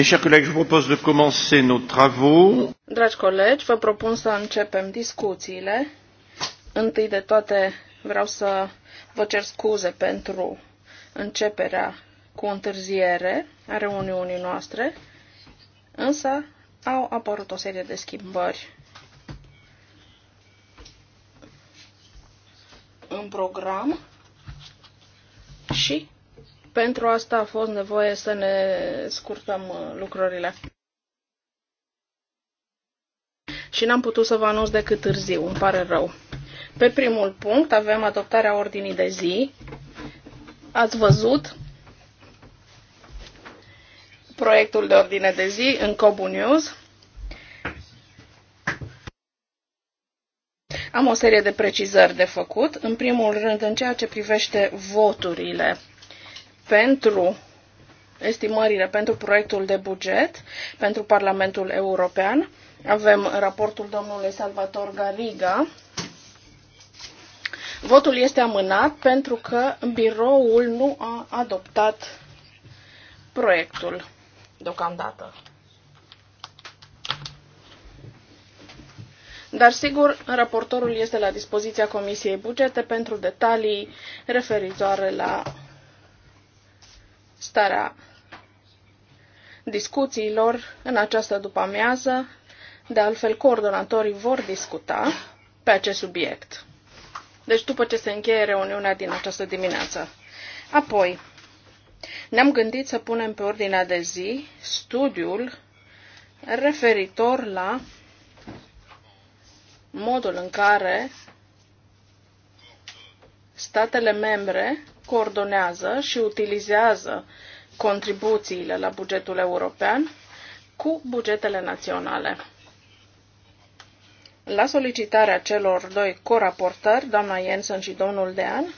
Mes chers collègues, je vous propose de commencer nos travaux. Dragi colegi, vă propun să începem discuțiile. Întâi de toate, vreau să vă cer scuze pentru începerea cu întârziere a reuniunii noastre, însă au apărut o serie de schimbări în program și pentru asta a fost nevoie să ne scurtăm uh, lucrurile. Și n-am putut să vă anunț decât târziu, îmi pare rău. Pe primul punct avem adoptarea ordinii de zi. Ați văzut proiectul de ordine de zi în Cobu News. Am o serie de precizări de făcut. În primul rând, în ceea ce privește voturile pentru estimările pentru proiectul de buget pentru Parlamentul European. Avem raportul domnului Salvator Gariga. Votul este amânat pentru că biroul nu a adoptat proiectul deocamdată. Dar sigur, raportorul este la dispoziția Comisiei Bugete pentru detalii referitoare la starea discuțiilor în această după-amiază. De altfel, coordonatorii vor discuta pe acest subiect. Deci după ce se încheie reuniunea din această dimineață. Apoi, ne-am gândit să punem pe ordinea de zi studiul referitor la modul în care statele membre coordonează și utilizează contribuțiile la bugetul european cu bugetele naționale. La solicitarea celor doi coraportări, doamna Jensen și domnul Dean,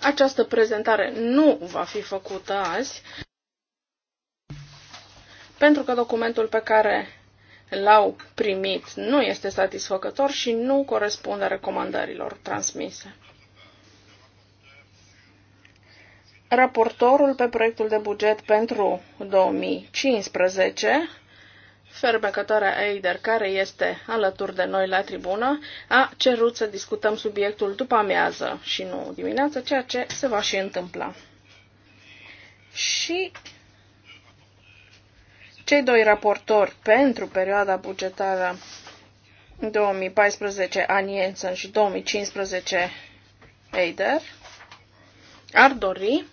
această prezentare nu va fi făcută azi, pentru că documentul pe care l-au primit nu este satisfăcător și nu corespunde recomandărilor transmise. Raportorul pe proiectul de buget pentru 2015, fermecătoarea Eider, care este alături de noi la tribună, a cerut să discutăm subiectul după amiază și nu dimineață, ceea ce se va și întâmpla. Și cei doi raportori pentru perioada bugetară 2014 Aniensen și 2015 Eider ar dori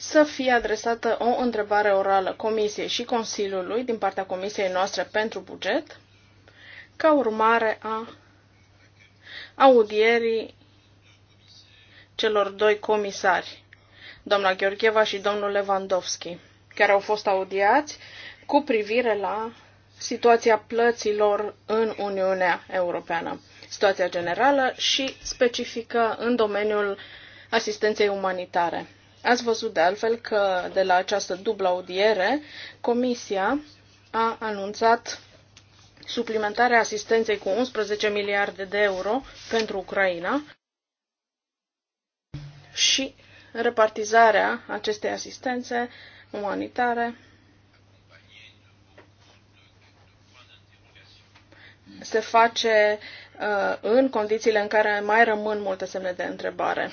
să fie adresată o întrebare orală Comisiei și Consiliului din partea Comisiei noastre pentru buget, ca urmare a audierii celor doi comisari, doamna Gheorgheva și domnul Lewandowski, care au fost audiați cu privire la situația plăților în Uniunea Europeană, situația generală și specifică în domeniul asistenței umanitare. Ați văzut de altfel că de la această dublă audiere, Comisia a anunțat suplimentarea asistenței cu 11 miliarde de euro pentru Ucraina și repartizarea acestei asistențe umanitare se face uh, în condițiile în care mai rămân multe semne de întrebare.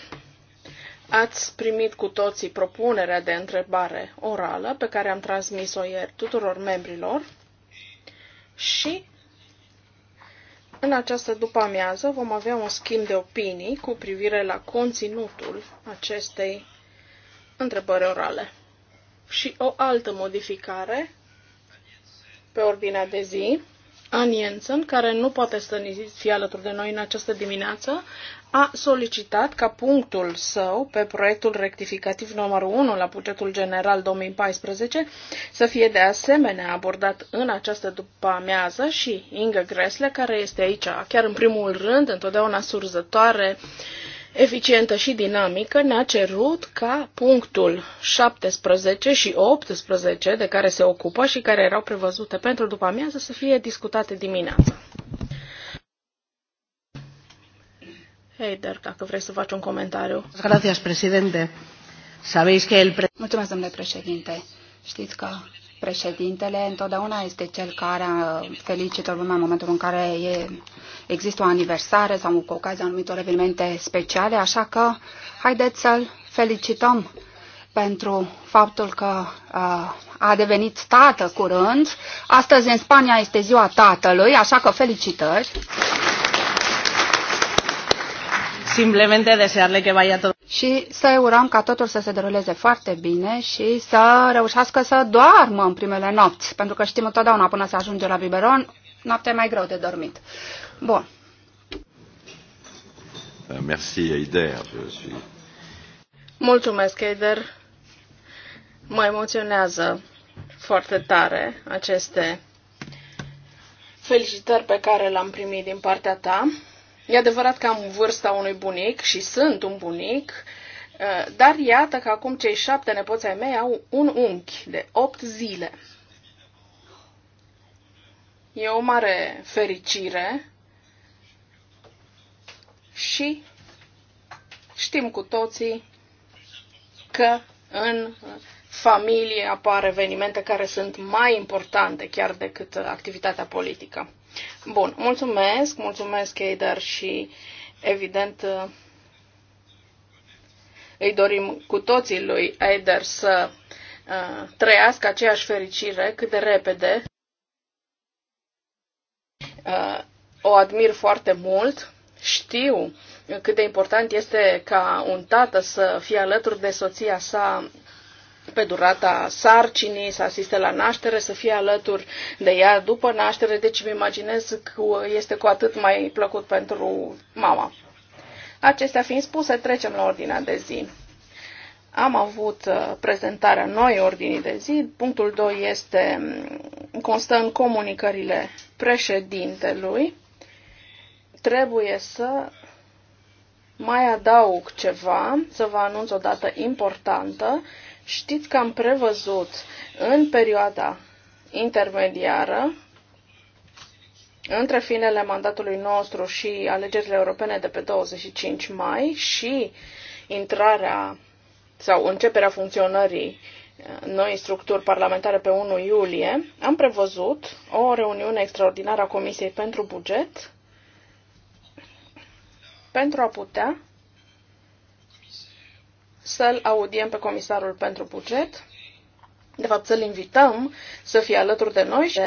Ați primit cu toții propunerea de întrebare orală pe care am transmis-o ieri tuturor membrilor și în această după-amiază vom avea un schimb de opinii cu privire la conținutul acestei întrebări orale. Și o altă modificare pe ordinea de zi Ann Jensen, care nu poate să fie alături de noi în această dimineață, a solicitat ca punctul său pe proiectul rectificativ numărul 1 la bugetul general 2014 să fie de asemenea abordat în această după amiază și Inga Gresle, care este aici chiar în primul rând, întotdeauna surzătoare, uh, eficientă și dinamică ne-a cerut ca punctul 17 și 18 de care se ocupă și care erau prevăzute pentru după amiază să fie discutate dimineața. Heider, dacă vrei să faci un comentariu. Gracias, Sabéis que el Mulțumesc, domnule președinte. Știți că președintele întotdeauna este cel care uh, felicită lumea în momentul în care e, există o aniversare sau cu ocazia anumitor evenimente speciale, așa că haideți să-l felicităm pentru faptul că uh, a devenit tată curând. Astăzi în Spania este ziua tatălui, așa că felicitări! simplemente desearle que vaya todo. Și să urăm ca totul să se deruleze foarte bine și să reușească să doarmă în primele nopți, pentru că știm întotdeauna până se ajunge la biberon, noaptea e mai greu de dormit. Bun. Euh, merci, Eider. Mulțumesc, Eider. Mă emoționează foarte tare aceste felicitări pe care le-am primit din partea ta. E adevărat că am vârsta unui bunic și sunt un bunic, eh, dar iată că acum cei șapte nepoți ai mei au un unchi de opt zile. E o mare fericire și știm cu toții că în familie apar evenimente care sunt mai importante chiar decât activitatea politică. Bun, mulțumesc, mulțumesc, Eider, și evident îi dorim cu toții lui Eider să uh, trăiască aceeași fericire cât de repede. Uh, o admir foarte mult, știu cât de important este ca un tată să fie alături de soția sa pe durata sarcinii, să asiste la naștere, să fie alături de ea după naștere, deci îmi imaginez că este cu atât mai plăcut pentru mama. Acestea fiind spuse, trecem la ordinea de zi. Am avut uh, prezentarea noi ordinii de zi. Punctul 2 este, mm, constă în comunicările președintelui. Trebuie să mai adaug ceva, să vă anunț o dată importantă. Știți că am prevăzut în perioada intermediară, între finele mandatului nostru și alegerile europene de pe 25 mai și intrarea sau începerea funcționării uh, noi structuri parlamentare pe 1 iulie, am prevăzut o reuniune extraordinară a Comisiei pentru Buget pentru a putea să-l audiem pe comisarul pentru buget, de fapt să-l invităm să fie alături de noi și,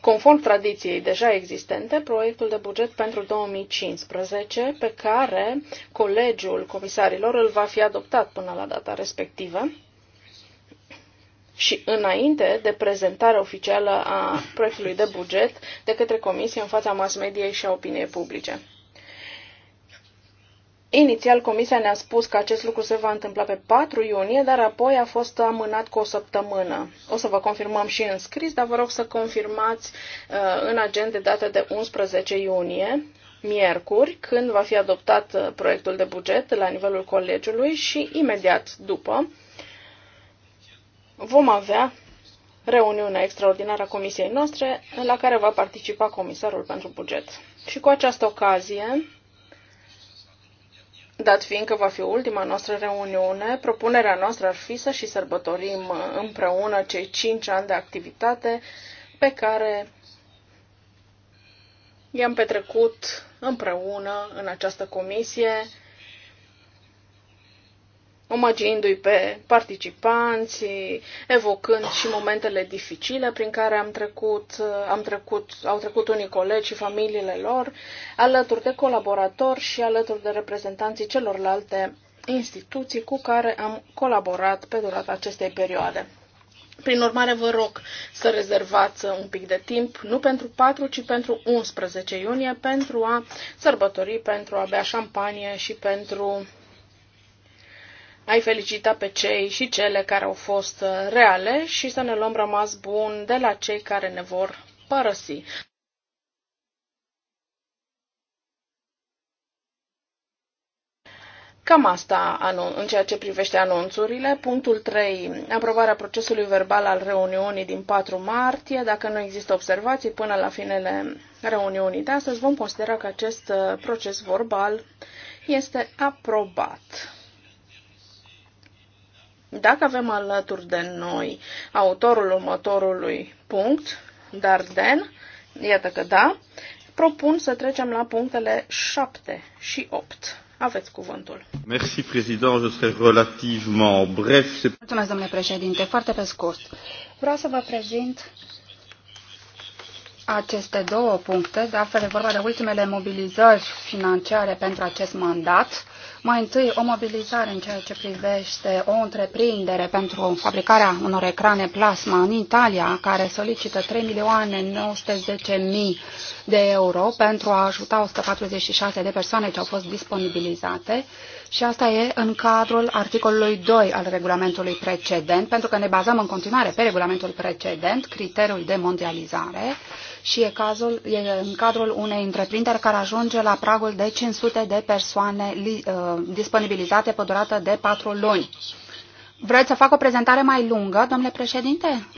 conform tradiției deja existente, proiectul de buget pentru 2015, pe care colegiul comisarilor îl va fi adoptat până la data respectivă, și înainte de prezentarea oficială a proiectului de buget de către Comisie în fața mass mediei și a opiniei publice. Inițial, Comisia ne-a spus că acest lucru se va întâmpla pe 4 iunie, dar apoi a fost amânat cu o săptămână. O să vă confirmăm și în scris, dar vă rog să confirmați uh, în agenda de data de 11 iunie, miercuri, când va fi adoptat uh, proiectul de buget la nivelul colegiului și imediat după vom avea reuniunea extraordinară a comisiei noastre la care va participa comisarul pentru buget. Și cu această ocazie Dat fiindcă va fi ultima noastră reuniune, propunerea noastră ar fi să și sărbătorim împreună cei 5 ani de activitate pe care i-am petrecut împreună în această comisie omagiindu-i pe participanți, evocând și momentele dificile prin care am trecut, am trecut, au trecut unii colegi și familiile lor, alături de colaboratori și alături de reprezentanții celorlalte instituții cu care am colaborat pe durata acestei perioade. Prin urmare, vă rog să rezervați un pic de timp, nu pentru 4, ci pentru 11 iunie, pentru a sărbători, pentru a bea șampanie și pentru ai felicita pe cei și cele care au fost uh, reale și să ne luăm rămas bun de la cei care ne vor părăsi. Cam asta în ceea ce privește anunțurile. Punctul 3. Aprobarea procesului verbal al reuniunii din 4 martie. Dacă nu există observații până la finele reuniunii de astăzi, vom considera că acest uh, proces verbal este aprobat. Dacă avem alături de noi autorul următorului punct, Darden, iată că da, propun să trecem la punctele 7 și 8. Aveți cuvântul. Merci, président. Je serai relativement bref. Mulțumesc, domnule președinte. Foarte pe scurt. Vreau să vă prezint aceste două puncte. De altfel, e vorba de ultimele mobilizări financiare pentru acest mandat mai întâi, o mobilizare în ceea ce privește o întreprindere pentru fabricarea unor ecrane plasma în Italia, care solicită 3 milioane 910 mii de euro pentru a ajuta 146 de persoane ce au fost disponibilizate și asta e în cadrul articolului 2 al regulamentului precedent, pentru că ne bazăm în continuare pe regulamentul precedent, criteriul de mondializare, și e, cazul, e în cadrul unei întreprinderi care ajunge la pragul de 500 de persoane li, uh, disponibilizate pe durată de 4 luni. Vreți să fac o prezentare mai lungă, domnule președinte?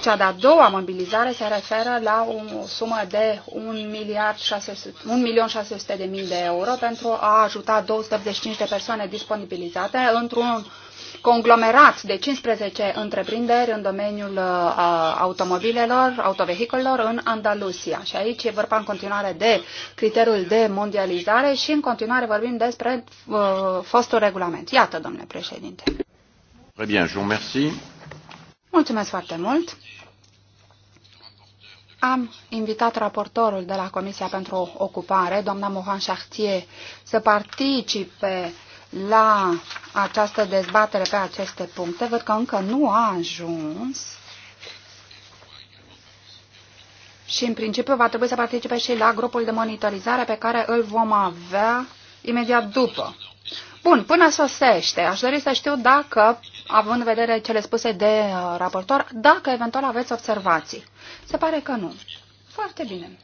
Cea de-a doua mobilizare se referă la o sumă de 1.600.000 de mii de euro pentru a ajuta 285 de persoane disponibilizate într-un conglomerat de 15 întreprinderi în domeniul uh, automobilelor, autovehicolelor în Andalusia. Și aici e vorba în continuare de criteriul de mondializare și în continuare vorbim despre uh, fostul regulament. Iată, domnule președinte. bien, je vous remercie. Mulțumesc foarte mult. Am invitat raportorul de la Comisia pentru Ocupare, doamna Mohan Chartier, să participe la această dezbatere pe aceste puncte. Văd că încă nu a ajuns. Și în principiu va trebui să participe și la grupul de monitorizare pe care îl vom avea imediat după. Bun, până sosește, aș dori să știu dacă având în vedere cele spuse de uh, raportor, dacă eventual aveți observații. Se pare că nu. Foarte bine.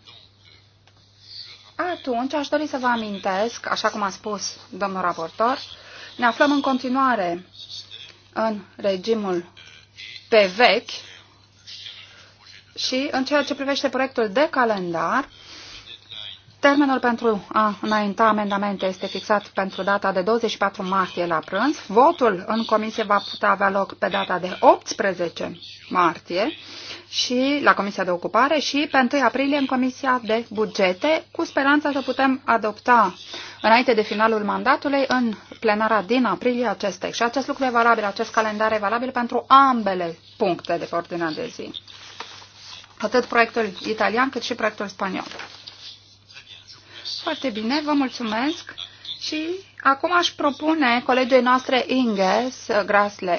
Atunci aș dori să vă amintesc, așa cum a spus domnul raportor, ne aflăm în continuare în regimul pe vechi și în ceea ce privește proiectul de calendar, Termenul pentru a înainta amendamente este fixat pentru data de 24 martie la prânz. Votul în comisie va putea avea loc pe data de 18 martie și la Comisia de Ocupare și pe 1 aprilie în Comisia de Bugete, cu speranța să putem adopta înainte de finalul mandatului în plenara din aprilie acest text. Și acest lucru e valabil, acest calendar e valabil pentru ambele puncte de ordine ordinea de zi. Atât proiectul italian cât și proiectul spaniol. Foarte bine, vă mulțumesc. Și acum aș propune colegii noastre Inge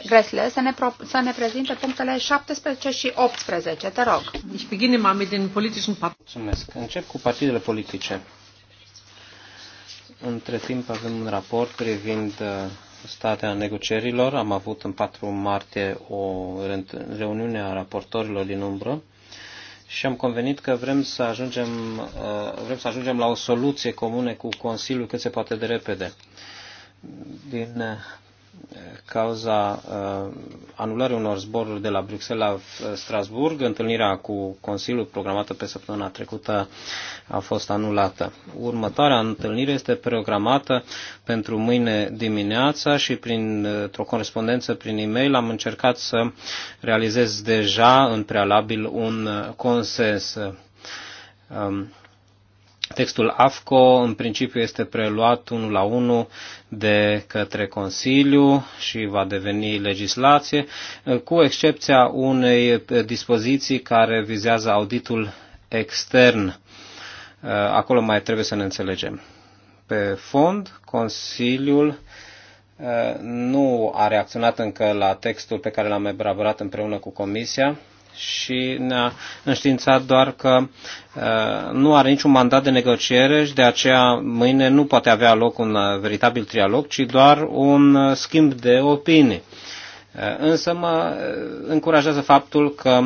Gresle să ne, pro, să ne prezinte punctele 17 și 18. Te rog. Mulțumesc. Încep cu partidele politice. Între timp avem un raport privind uh, statea negocierilor. Am avut în 4 martie o reuniune a raportorilor din umbră și am convenit că vrem să ajungem, uh, vrem să ajungem la o soluție comune cu Consiliul cât se poate de repede. Din uh, cauza uh, anulării unor zboruri de la Bruxelles la uh, Strasburg, întâlnirea cu Consiliul programată pe săptămâna trecută a fost anulată. Următoarea întâlnire este programată pentru mâine dimineața și prin uh, o corespondență prin e-mail am încercat să realizez deja în prealabil un uh, consens. Um, Textul AFCO în principiu este preluat unul la unul de către Consiliu și va deveni legislație, cu excepția unei dispoziții care vizează auditul extern. Acolo mai trebuie să ne înțelegem. Pe fond, Consiliul uh, nu a reacționat încă la textul pe care l-am elaborat împreună cu Comisia, și ne-a înștiințat doar că uh, nu are niciun mandat de negociere și de aceea mâine nu poate avea loc un uh, veritabil trialog, ci doar un uh, schimb de opinii. Însă mă încurajează faptul că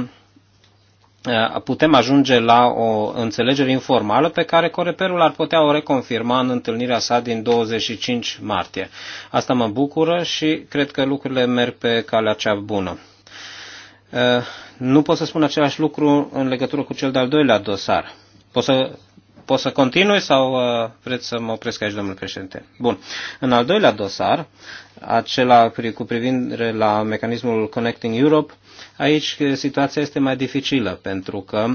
putem ajunge la o înțelegere informală pe care Coreperul ar putea o reconfirma în întâlnirea sa din 25 martie. Asta mă bucură și cred că lucrurile merg pe calea cea bună. Uh, nu pot să spun același lucru în legătură cu cel de-al doilea dosar. Pot să, pot să continui sau uh, vreți să mă opresc aici, domnule președinte? Bun. În al doilea dosar, acela cu privire la mecanismul Connecting Europe, aici situația este mai dificilă pentru că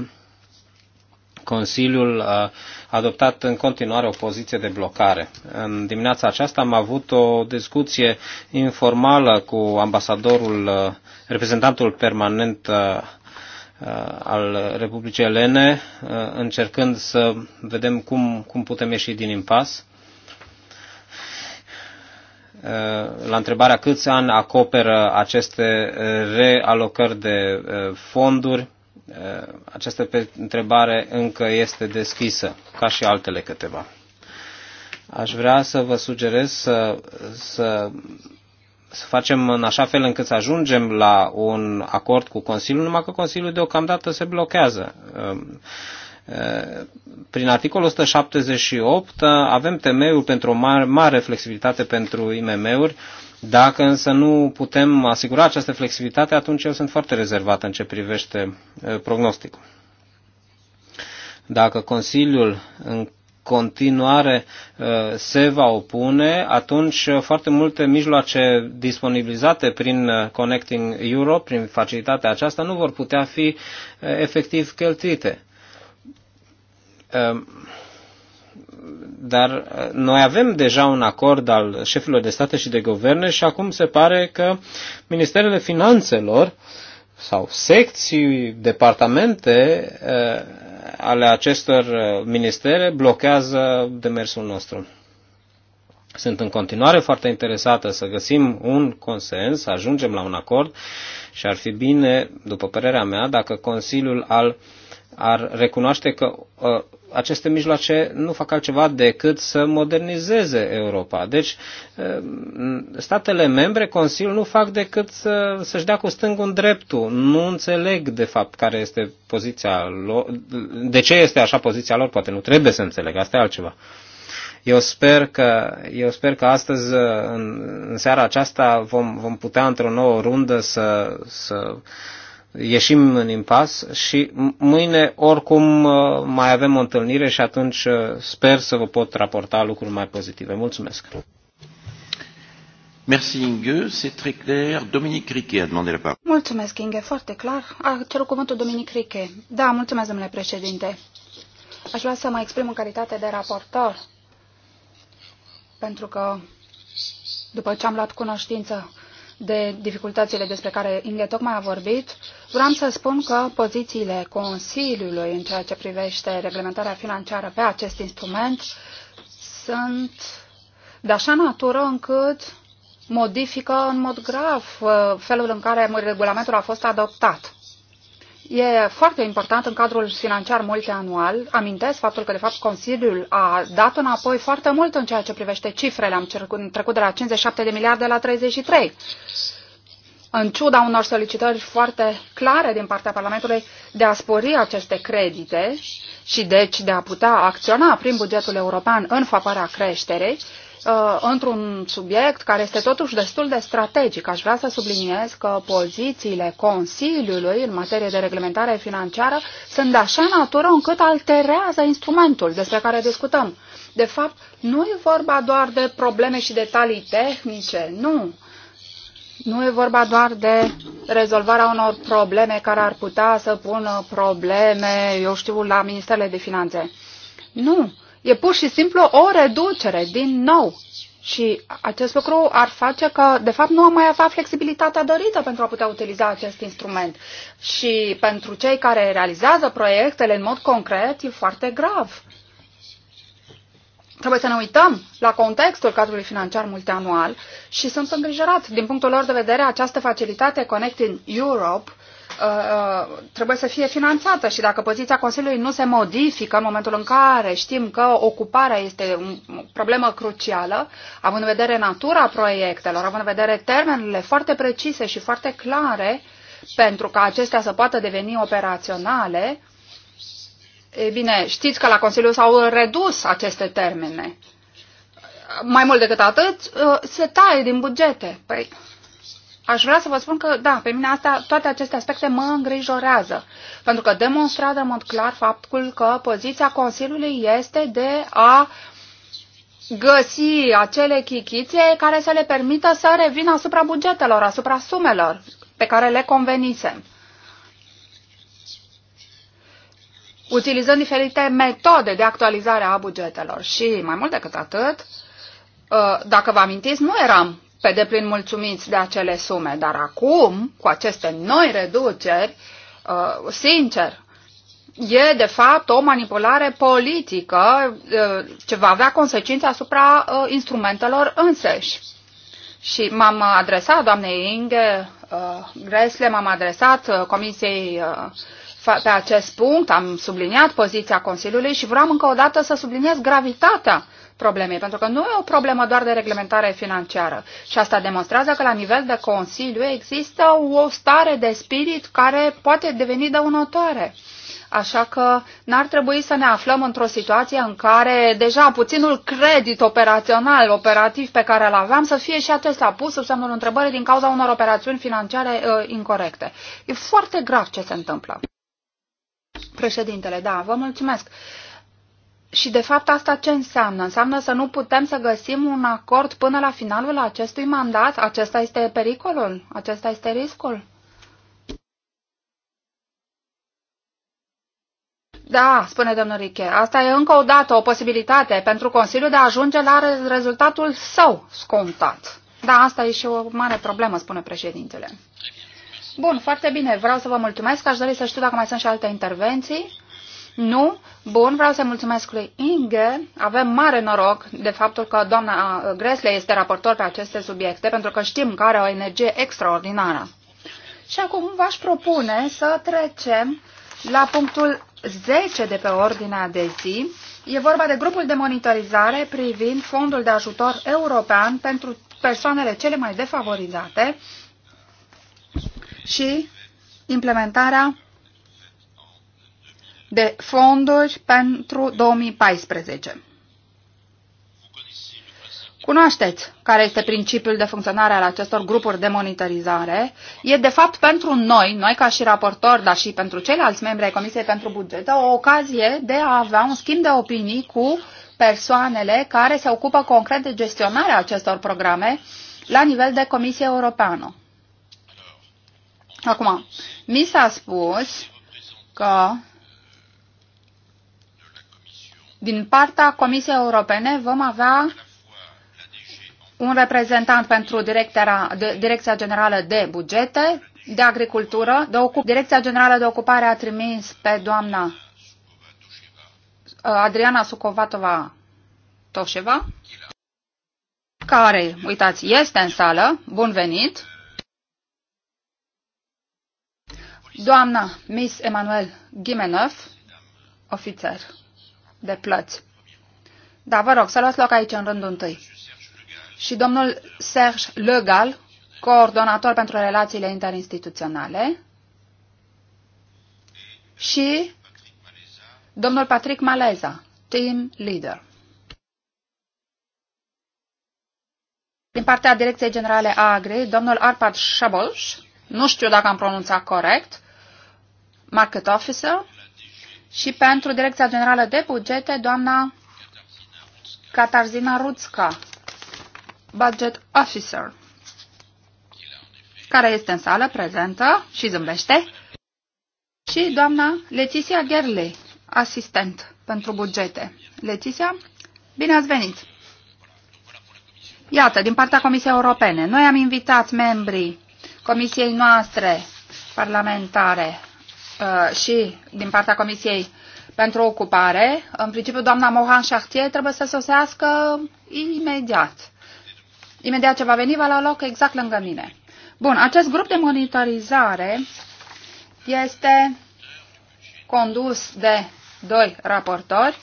Consiliul a adoptat în continuare o poziție de blocare. În dimineața aceasta am avut o discuție informală cu ambasadorul, uh, reprezentantul permanent uh, uh, al Republicii Elene, încercând să vedem cum, cum putem ieși din impas la întrebarea câți ani acoperă aceste realocări de fonduri, Eh, această întrebare încă este deschisă, ca și altele câteva. Aș vrea să vă sugerez să, să, să facem în așa fel încât să ajungem la un acord cu Consiliul, numai că Consiliul deocamdată se blochează. Eh, prin articolul 178 avem temeiul pentru o mare, mare flexibilitate pentru IMM-uri, dacă însă nu putem asigura această flexibilitate, atunci eu sunt foarte rezervat în ce privește prognosticul. Dacă Consiliul în continuare se va opune, atunci foarte multe mijloace disponibilizate prin Connecting Europe, prin facilitatea aceasta, nu vor putea fi efectiv cheltuite dar uh, noi avem deja un acord al șefilor de state și de guverne și acum se pare că Ministerele Finanțelor sau secții, departamente uh, ale acestor uh, ministere blochează demersul nostru. Sunt în continuare foarte interesată să găsim un consens, să ajungem la un acord și ar fi bine, după părerea mea, dacă Consiliul al uh, ar recunoaște că uh, aceste mijloace nu fac altceva decât să modernizeze Europa. Deci, uh, statele membre, Consiliul, nu fac decât să, să-și dea cu stângul în dreptul. Nu înțeleg, de fapt, care este poziția lor. De ce este așa poziția lor? Poate nu trebuie să înțeleg. Asta e altceva. Eu sper că, eu sper că astăzi, ă, în, în seara aceasta, vom, vom putea într-o nouă rundă să, să uh, ieșim în impas și mâine oricum uh, mai avem o întâlnire și atunci uh, sper să vă pot raporta lucruri mai pozitive. Mulțumesc! Merci Inge, c'est très clair. Dominique Riquet a demandé la parole. Mulțumesc Inge, foarte clar. A cerut cuvântul Dominique Riquet. Da, mulțumesc domnule președinte. Aș vrea să mă exprim în calitate de raportor, pentru că după ce am luat cunoștință de dificultățile despre care Inge tocmai a vorbit, vreau să spun că pozițiile Consiliului în ceea ce privește reglementarea financiară pe acest instrument sunt de așa natură încât modifică în mod grav uh, felul în care regulamentul a fost adoptat. E foarte important în cadrul financiar multianual. Amintesc faptul că, de fapt, Consiliul a dat înapoi foarte mult în ceea ce privește cifrele. Am trecut de la 57 de miliarde la 33. În ciuda unor solicitări foarte clare din partea Parlamentului de a spori aceste credite și deci de a putea acționa prin bugetul european în favoarea creșterei, uh, într-un subiect care este totuși destul de strategic. Aș vrea să subliniez că pozițiile Consiliului în materie de reglementare financiară sunt de așa natură încât alterează instrumentul despre care discutăm. De fapt, nu e vorba doar de probleme și detalii tehnice, nu. Nu e vorba doar de rezolvarea unor probleme care ar putea să pună probleme, eu știu, la Ministerele de Finanțe. Nu e pur și simplu o reducere din nou. Și acest lucru ar face că, de fapt, nu am mai avea flexibilitatea dorită pentru a putea utiliza acest instrument. Și pentru cei care realizează proiectele în mod concret, e foarte grav. Trebuie să ne uităm la contextul cadrului financiar multianual și sunt îngrijorat. Din punctul lor de vedere, această facilitate Connecting Europe Uh, trebuie să fie finanțată și dacă poziția Consiliului nu se modifică în momentul în care știm că ocuparea este o problemă crucială, având în vedere natura proiectelor, având în vedere termenele foarte precise și foarte clare pentru ca acestea să poată deveni operaționale, e bine, știți că la Consiliu s-au redus aceste termene. Mai mult decât atât, uh, se taie din bugete. Păi, aș vrea să vă spun că, da, pe mine asta, toate aceste aspecte mă îngrijorează, pentru că demonstrează în mod clar faptul că poziția Consiliului este de a găsi acele chichițe care să le permită să revină asupra bugetelor, asupra sumelor pe care le convenisem. utilizând diferite metode de actualizare a bugetelor. Și mai mult decât atât, ă, dacă vă amintiți, nu eram pe deplin mulțumiți de acele sume. Dar acum, cu aceste noi reduceri, uh, sincer, e de fapt o manipulare politică uh, ce va avea consecințe asupra uh, instrumentelor înseși. Și m-am adresat doamnei Inge Gresle, m-am adresat Comisiei pe acest punct, am subliniat poziția Consiliului și vreau încă o dată să subliniez gravitatea problemei, pentru că nu e o problemă doar de reglementare financiară. Și asta demonstrează că la nivel de Consiliu există o stare de spirit care poate deveni dăunătoare. Așa că n-ar trebui să ne aflăm într-o situație în care deja puținul credit operațional, operativ pe care îl aveam, să fie și acesta pus sub semnul întrebării din cauza unor operațiuni financiare uh, incorrecte. E foarte grav ce se întâmplă. Președintele, da, vă mulțumesc. Uh, și de fapt asta ce înseamnă? Înseamnă să nu putem să găsim un acord până la finalul acestui mandat? Acesta este pericolul? Acesta este riscul? Da, spune domnul Riche, asta e încă o dată o posibilitate pentru Consiliu de a ajunge la rezultatul său scontat. Da, asta e și o mare problemă, spune președintele. Bun, foarte bine, vreau să vă mulțumesc, aș dori să știu dacă mai sunt și alte intervenții. Nu? Bun, vreau să mulțumesc lui Inge. Avem mare noroc de faptul că doamna Gresley este raportor pe aceste subiecte, pentru că știm că are o energie extraordinară. Și acum v-aș propune să trecem la punctul 10 de pe ordinea de zi. E vorba de grupul de monitorizare privind fondul de ajutor european pentru persoanele cele mai defavorizate și implementarea de fonduri pentru 2014. Cunoașteți care este principiul de funcționare al acestor grupuri de monitorizare. E, de fapt, pentru noi, noi ca și raportori, dar și pentru ceilalți membri ai Comisiei pentru Buget, o ocazie de a avea un schimb de opinii cu persoanele care se ocupă concret de gestionarea acestor programe la nivel de Comisie Europeană. Acum, mi s-a spus că din partea Comisiei Europene vom avea un reprezentant pentru Direcția Generală de Bugete, de Agricultură, de ocup Direcția Generală de Ocupare a trimis pe doamna uh, Adriana Sucovatova Toșeva, care, uitați, este în sală. Bun venit! Doamna Miss Emanuel Gimenov, ofițer de plăți. Da, vă rog, să luați loc aici în rândul întâi. Și domnul Serge Legal, coordonator pentru relațiile interinstituționale, și domnul Patrick Maleza, team leader. Din partea Direcției Generale a Agri, domnul Arpad Shabolsh, nu știu dacă am pronunțat corect, market officer, și pentru Direcția Generală de Bugete, doamna Catarzina Ruțca, Budget Officer, care este în sală, prezentă și zâmbește, și doamna Leticia Gerli, asistent pentru bugete. Leticia, bine ați venit! Iată, din partea Comisiei Europene, noi am invitat membrii Comisiei noastre parlamentare Uh, și din partea Comisiei pentru Ocupare, în principiu doamna Mohan Chartier trebuie să sosească imediat. Imediat ce va veni, va la loc exact lângă mine. Bun, acest grup de monitorizare este condus de doi raportori,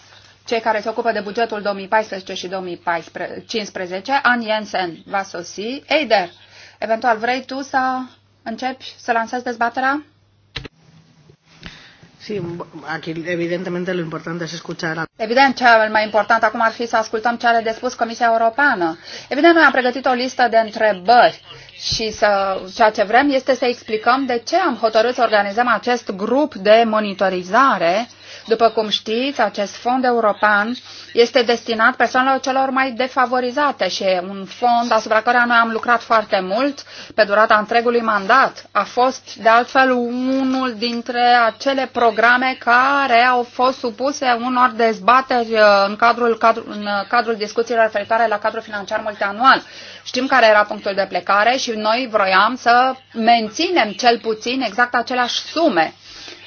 cei care se ocupă de bugetul 2014 și 2015, An Jensen va sosi. Eider, eventual vrei tu să începi să lansezi dezbaterea? Sí, aquí evidentemente lo importante es escuchar. A... Evident, cel mai important acum ar fi să ascultăm ce are de spus Comisia Europeană. Evident, noi am pregătit o listă de întrebări și să, ceea ce vrem este să explicăm de ce am hotărât să organizăm acest grup de monitorizare uh, după cum știți, acest fond european este destinat persoanelor celor mai defavorizate și e un fond asupra care noi am lucrat foarte mult pe durata întregului mandat. A fost, de altfel, unul dintre acele programe care au fost supuse unor dezbateri uh, în cadrul, cadru, în uh, cadrul discuțiilor referitoare la cadrul financiar multianual. Știm care era punctul de plecare și noi vroiam să menținem cel puțin exact aceleași sume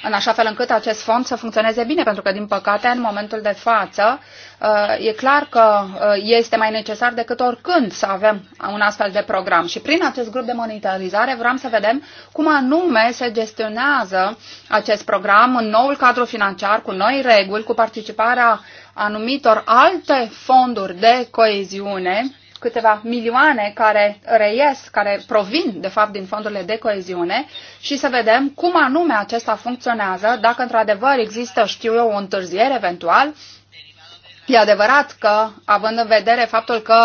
în așa fel încât acest fond să funcționeze bine, pentru că, din păcate, în momentul de față, uh, e clar că uh, este mai necesar decât oricând să avem un astfel de program. Și prin acest grup de monitorizare vrem să vedem cum anume se gestionează acest program în noul cadru financiar, cu noi reguli, cu participarea anumitor alte fonduri de coeziune, câteva milioane care reies, care provin, de fapt, din fondurile de coeziune și să vedem cum anume acesta funcționează, dacă într-adevăr există, știu eu, o întârziere eventual, E adevărat că, având în vedere faptul că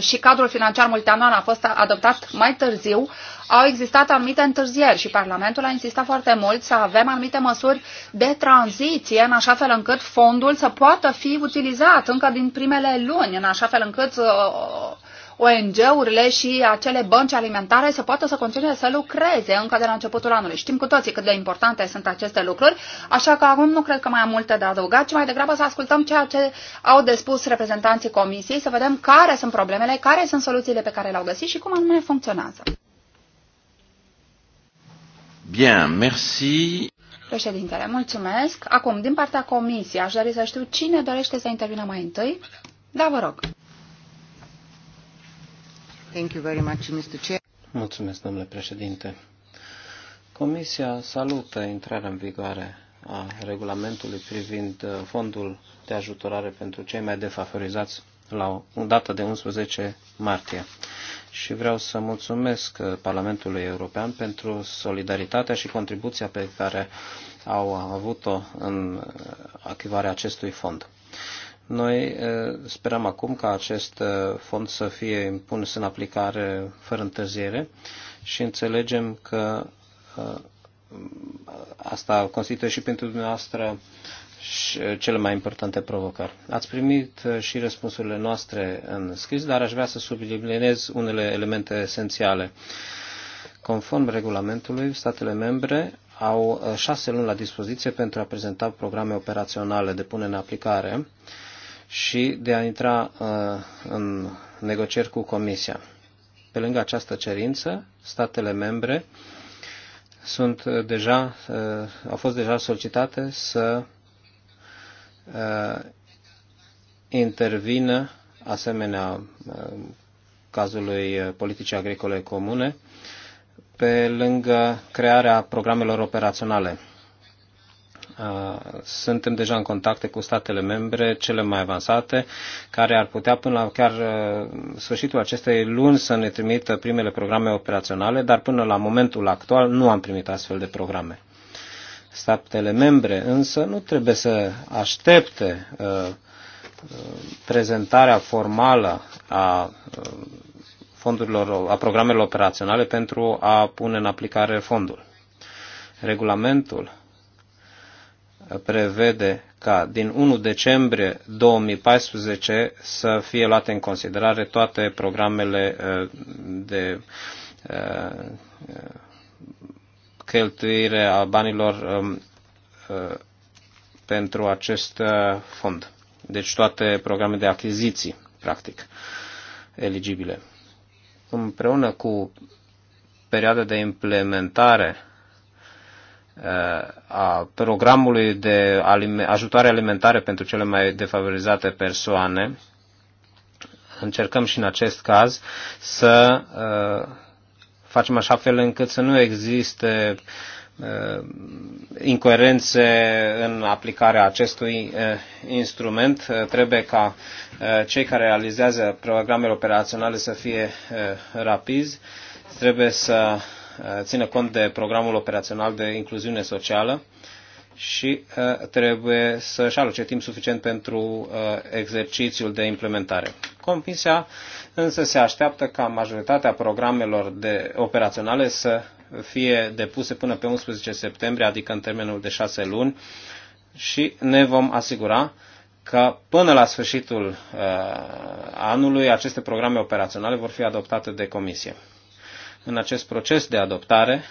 și cadrul financiar multianual a fost adoptat mai târziu, au existat anumite întârzieri și Parlamentul a insistat foarte mult să avem anumite măsuri de tranziție, în așa fel încât fondul să poată fi utilizat încă din primele luni, în așa fel încât uh, ONG-urile și acele bănci alimentare să poată să continue să lucreze încă de la începutul anului. Știm cu toții cât de importante sunt aceste lucruri, așa că acum nu cred că mai am multe de adăugat, ci mai degrabă să ascultăm ceea ce au de spus reprezentanții comisiei, să vedem care sunt problemele, care sunt soluțiile pe care le-au găsit și cum anume funcționează. Bien, merci. Președintele, mulțumesc. Acum, din partea comisiei, aș dori să știu cine dorește să intervină mai întâi. Da, vă rog. Thank you very much, Mr. Chair. Mulțumesc, domnule președinte. Comisia salută intrarea în vigoare a regulamentului privind uh, fondul de ajutorare pentru cei mai defavorizați la o dată de 11 martie. Și vreau să mulțumesc uh, Parlamentului European pentru solidaritatea și contribuția pe care au avut-o în uh, activarea acestui fond. Noi uh, sperăm acum ca acest fond să fie pus în aplicare fără întârziere și înțelegem că asta constituie și pentru dumneavoastră Eh, cele mai importante provocări. Ați primit eh, și răspunsurile noastre în scris, dar aș vrea să subliniez unele elemente esențiale. Conform regulamentului, statele membre au eh, șase luni la dispoziție pentru a prezenta programe operaționale de punere în aplicare și de a intra în negocieri cu Comisia. Pe lângă această cerință, statele membre sunt deja, au fost deja solicitate să Uh, intervină, asemenea uh, cazului uh, politicii agricole comune, pe lângă crearea programelor operaționale. Suntem deja în contacte cu statele membre cele mai avansate, care ar putea până la chiar sfârșitul acestei luni să ne trimită primele programe operaționale, dar până la momentul actual nu am primit astfel de programe. Statele membre însă nu trebuie să aștepte uh, uh, prezentarea formală a uh, fondurilor, a programelor operaționale pentru a pune în aplicare fondul. Regulamentul prevede ca din 1 decembrie 2014 să fie luate în considerare toate programele de cheltuire a banilor um, uh, pentru acest uh, fond. Deci toate programele de achiziții, practic, eligibile. Împreună cu perioada de implementare uh, a programului de ajutoare alimentare pentru cele mai defavorizate persoane, încercăm și în acest caz să facem așa fel încât să nu existe uh, incoerențe în aplicarea acestui uh, instrument. Uh, trebuie ca uh, cei care realizează programele operaționale să fie uh, rapizi, trebuie să uh, țină cont de programul operațional de incluziune socială și uh, trebuie să-și aloce timp suficient pentru uh, exercițiul de implementare. Comisia însă se așteaptă ca majoritatea programelor de operaționale să fie depuse până pe 11 septembrie, adică în termenul de 6 luni, și ne vom asigura că până la sfârșitul uh, anului aceste programe operaționale vor fi adoptate de comisie. În acest proces de adoptare,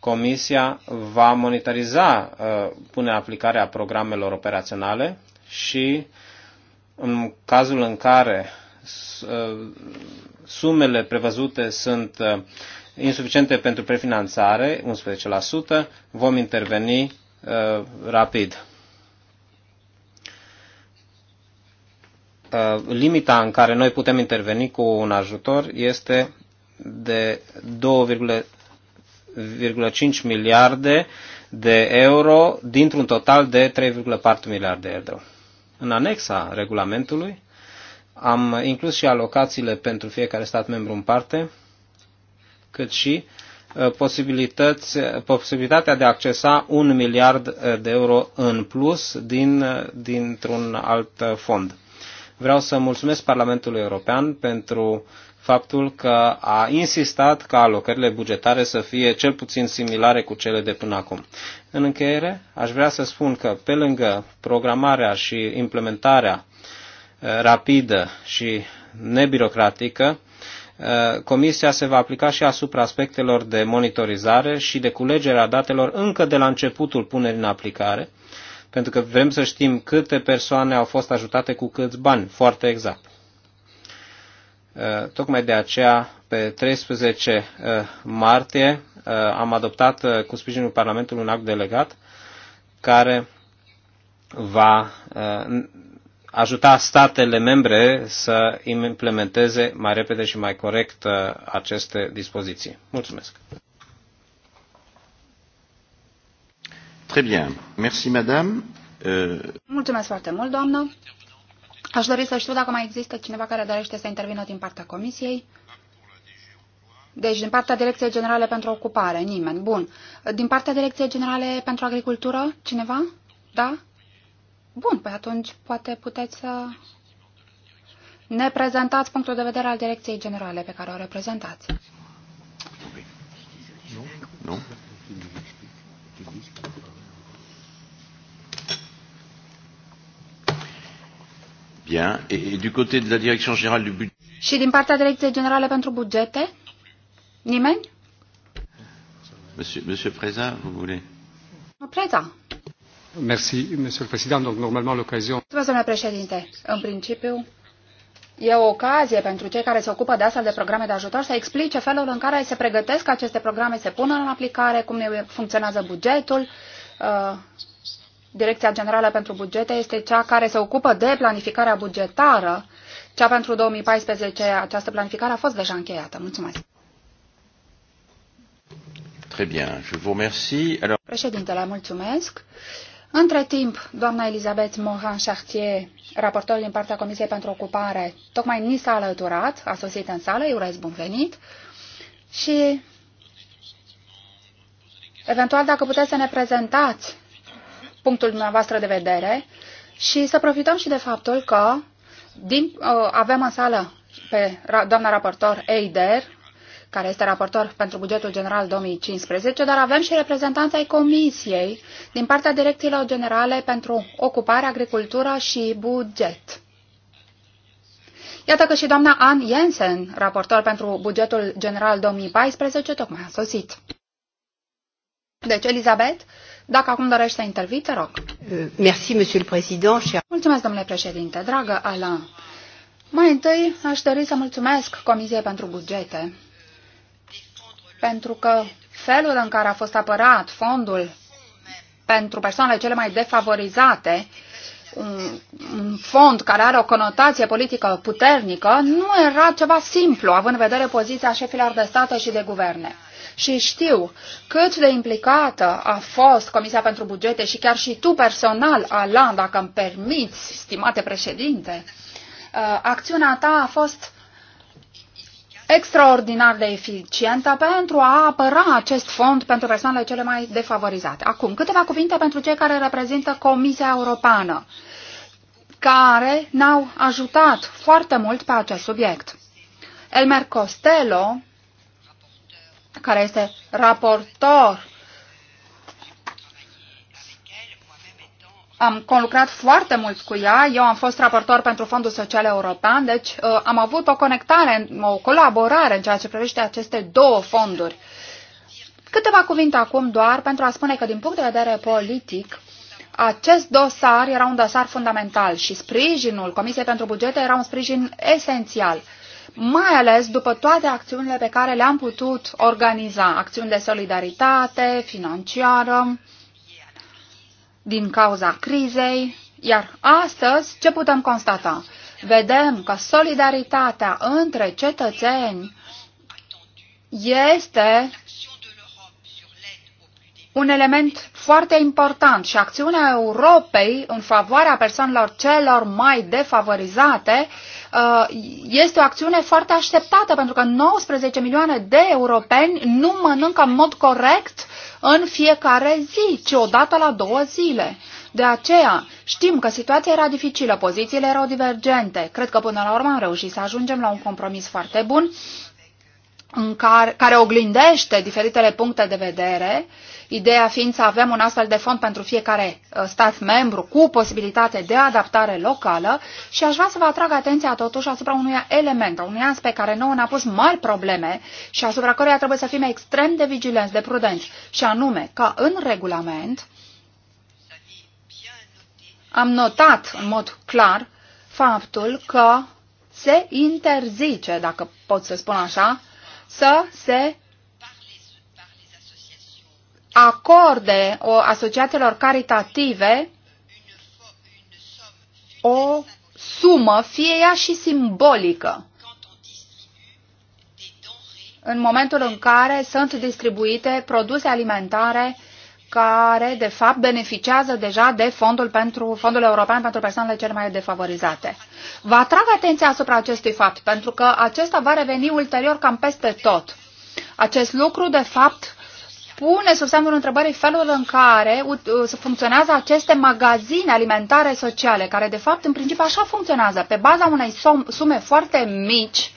Comisia va monitoriza uh, punerea aplicarea programelor operaționale și în cazul în care uh, sumele prevăzute sunt uh, insuficiente pentru prefinanțare, 11%, vom interveni rapid. Limita în care noi putem interveni cu un ajutor este de 3,5 miliarde de euro dintr-un total de 3,4 miliarde de euro. În anexa regulamentului am inclus și alocațiile pentru fiecare stat membru în parte, cât și uh, posibilități, posibilitatea de a accesa un miliard de euro în plus din, uh, dintr-un alt fond. Vreau să mulțumesc Parlamentului European pentru faptul că a insistat ca alocările bugetare să fie cel puțin similare cu cele de până acum. În încheiere, aș vrea să spun că pe lângă programarea și implementarea uh, rapidă și nebirocratică, uh, Comisia se va aplica și asupra aspectelor de monitorizare și de culegere a datelor încă de la începutul punerii în aplicare, pentru că vrem să știm câte persoane au fost ajutate cu câți bani, foarte exact. Uh, tocmai de aceea, pe 13 uh, martie, uh, am adoptat cu sprijinul Parlamentului un act delegat care va ajuta statele membre să implementeze mai repede și mai corect aceste dispoziții. Mulțumesc! Très bien. Merci, madame. Euh, Mulțumesc foarte mult, doamnă. Aș dori să știu dacă mai există cineva care dorește să intervină din partea Comisiei. Deci, din partea Direcției Generale pentru Ocupare, nimeni. Bun. Din partea Direcției Generale pentru Agricultură, cineva? Da? Bun, păi atunci poate puteți să ne prezentați punctul de vedere al Direcției Generale pe care o reprezentați. Nu? Nu? Bien. Et, et du côté de la Direction Générale du Budget. Și din partea Direcției Generale pentru Bugete? Nimeni? Monsieur, Monsieur Preza, vous voulez? Preza. Merci, Monsieur le Président. Donc, normalement, l'occasion... Mulțumesc, domnule președinte. În principiu, E o ocazie pentru cei care se ocupă de astfel de programe de ajutor să explice felul în care se pregătesc aceste programe, se pun în aplicare, cum funcționează bugetul, uh, Direcția Generală pentru Bugete este cea care se ocupă de planificarea bugetară. Cea pentru 2014, această planificare a fost deja încheiată. Mulțumesc. Très bien, je vous remercie. Alors... Președintele, mulțumesc. Între timp, doamna Elisabeth Mohan-Chartier, raportor din partea Comisiei pentru Ocupare, tocmai ni s-a alăturat, a sosit în sală, îi urez bun venit și eventual dacă puteți să ne prezentați punctul dumneavoastră de vedere și să profităm și de faptul că din, uh, avem în sală pe doamna raportor Eider, care este raportor pentru bugetul general 2015, dar avem și reprezentanța ai Comisiei din partea direcțiilor generale pentru ocupare, agricultură și buget. Iată că și doamna Ann Jensen, raportor pentru bugetul general 2014, tocmai a sosit. Deci, Elizabeth, dacă acum dorești să intervii, te rog. Euh, merci, monsieur le président. Mulțumesc, domnule președinte. Dragă Alain, mai întâi aș dori să mulțumesc Comisiei pentru Bugete, pentru că felul în care a fost apărat fondul pentru persoanele cele mai defavorizate, un, un fond care are o conotație politică puternică, nu era ceva simplu, având în vedere poziția șefilor de stat și de guverne și știu cât de implicată a fost Comisia pentru Bugete și chiar și tu personal, Alan, dacă îmi permiți, stimate președinte, uh, acțiunea ta a fost extraordinar de eficientă pentru a apăra acest fond pentru persoanele cele mai defavorizate. Acum, câteva cuvinte pentru cei care reprezintă Comisia Europeană, care ne-au ajutat foarte mult pe acest subiect. Elmer Costello care este raportor. Am conlucrat foarte mult cu ea, eu am fost raportor pentru Fondul Social European, deci uh, am avut o conectare, o colaborare în ceea ce privește aceste două fonduri. Câteva cuvinte acum doar pentru a spune că din punct de vedere politic, acest dosar era un dosar fundamental și sprijinul Comisiei pentru Bugete era un sprijin esențial mai ales după toate acțiunile pe care le-am putut organiza, acțiuni de solidaritate financiară din cauza crizei, iar astăzi ce putem constata? Vedem că solidaritatea între cetățeni este un element foarte important și acțiunea Europei în favoarea persoanelor celor mai defavorizate Uh, este o acțiune foarte așteptată, pentru că 19 milioane de europeni nu mănâncă în mod corect în fiecare zi, ci odată la două zile. De aceea știm că situația era dificilă, pozițiile erau divergente. Cred că până la urmă am reușit să ajungem la un compromis foarte bun în care, care oglindește diferitele puncte de vedere uh, Ideea fiind să avem un astfel de fond pentru fiecare uh, stat membru cu posibilitate de adaptare locală și aș vrea să vă atrag atenția totuși asupra unui element, unui aspect care nouă ne-a pus mari probleme și asupra căruia trebuie să fim extrem de vigilenți, de prudenți, și anume că în regulament am notat în mod clar faptul că se interzice, dacă pot să spun așa, să se acorde o, asociațiilor caritative o sumă, fie ea și simbolică, în momentul în care sunt distribuite produse alimentare care, de fapt, beneficiază deja de fondul, pentru, fondul european pentru persoanele cele mai defavorizate. Vă atrag atenția asupra acestui fapt, pentru că acesta va reveni ulterior cam peste tot. Acest lucru, de fapt, pune sub semnul întrebării felul în care uh, funcționează aceste magazine alimentare sociale, care de fapt în principiu așa funcționează, pe baza unei sume foarte mici,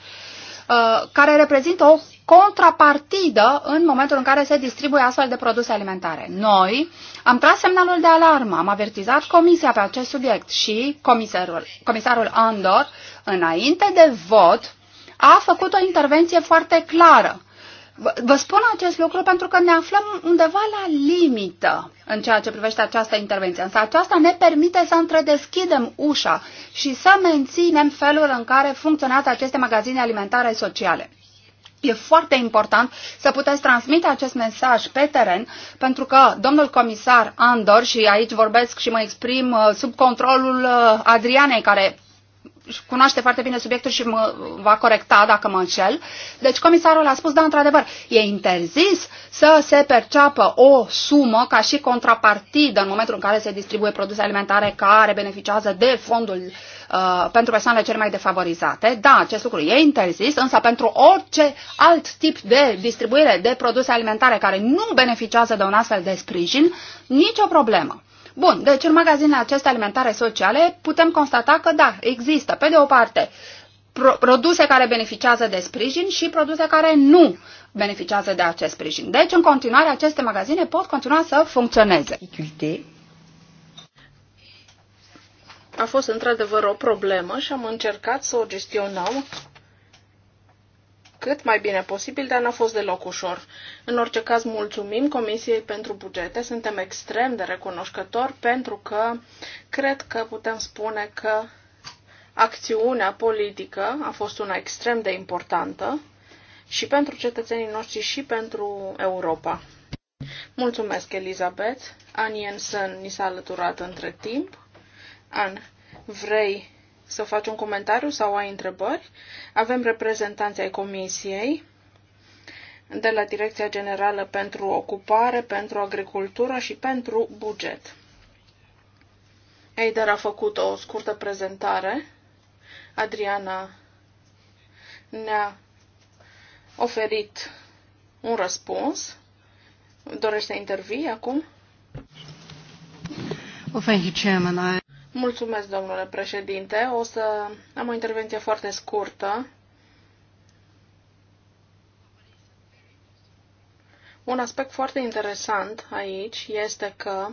uh, care reprezintă o contrapartidă în momentul în care se distribuie astfel de produse alimentare. Noi am tras semnalul de alarmă, am avertizat comisia pe acest subiect și comisarul, comisarul Andor, înainte de vot, a făcut o intervenție foarte clară Vă spun acest lucru pentru că ne aflăm undeva la limită în ceea ce privește această intervenție, însă aceasta ne permite să întredeschidem ușa și să menținem felul în care funcționează aceste magazine alimentare sociale. E foarte important să puteți transmite acest mesaj pe teren, pentru că domnul comisar Andor, și aici vorbesc și mă exprim uh, sub controlul uh, Adrianei, care cunoaște foarte bine subiectul și mă va corecta dacă mă înșel. Deci comisarul a spus, da, într-adevăr, e interzis să se perceapă o sumă ca și contrapartidă în momentul în care se distribuie produse alimentare care beneficiază de fondul uh, pentru persoanele cele mai defavorizate. Da, acest lucru e interzis, însă pentru orice alt tip de distribuire de produse alimentare care nu beneficiază de un astfel de sprijin, nicio problemă. Bun, deci în magazinele acestea alimentare sociale putem constata că da, există, pe de o parte, pro produse care beneficiază de sprijin și produse care nu beneficiază de acest sprijin. Deci, în continuare, aceste magazine pot continua să funcționeze. A fost într-adevăr o problemă și am încercat să o gestionăm cât mai bine posibil, dar n-a fost deloc ușor. În orice caz, mulțumim Comisiei pentru bugete, suntem extrem de recunoscători pentru că cred că putem spune că acțiunea politică a fost una extrem de importantă și pentru cetățenii noștri și pentru Europa. Mulțumesc, Elizabeth. Ann Jensen ni s-a alăturat între timp. An, vrei să faci un comentariu sau ai întrebări. Avem reprezentanți ai Comisiei de la Direcția Generală pentru Ocupare, pentru Agricultură și pentru Buget. Eider a făcut o scurtă prezentare. Adriana ne-a oferit un răspuns. Dorește să intervii acum? Well, thank you, Chairman. I... Mulțumesc, domnule președinte. O să am o intervenție foarte scurtă. Un aspect foarte interesant aici este că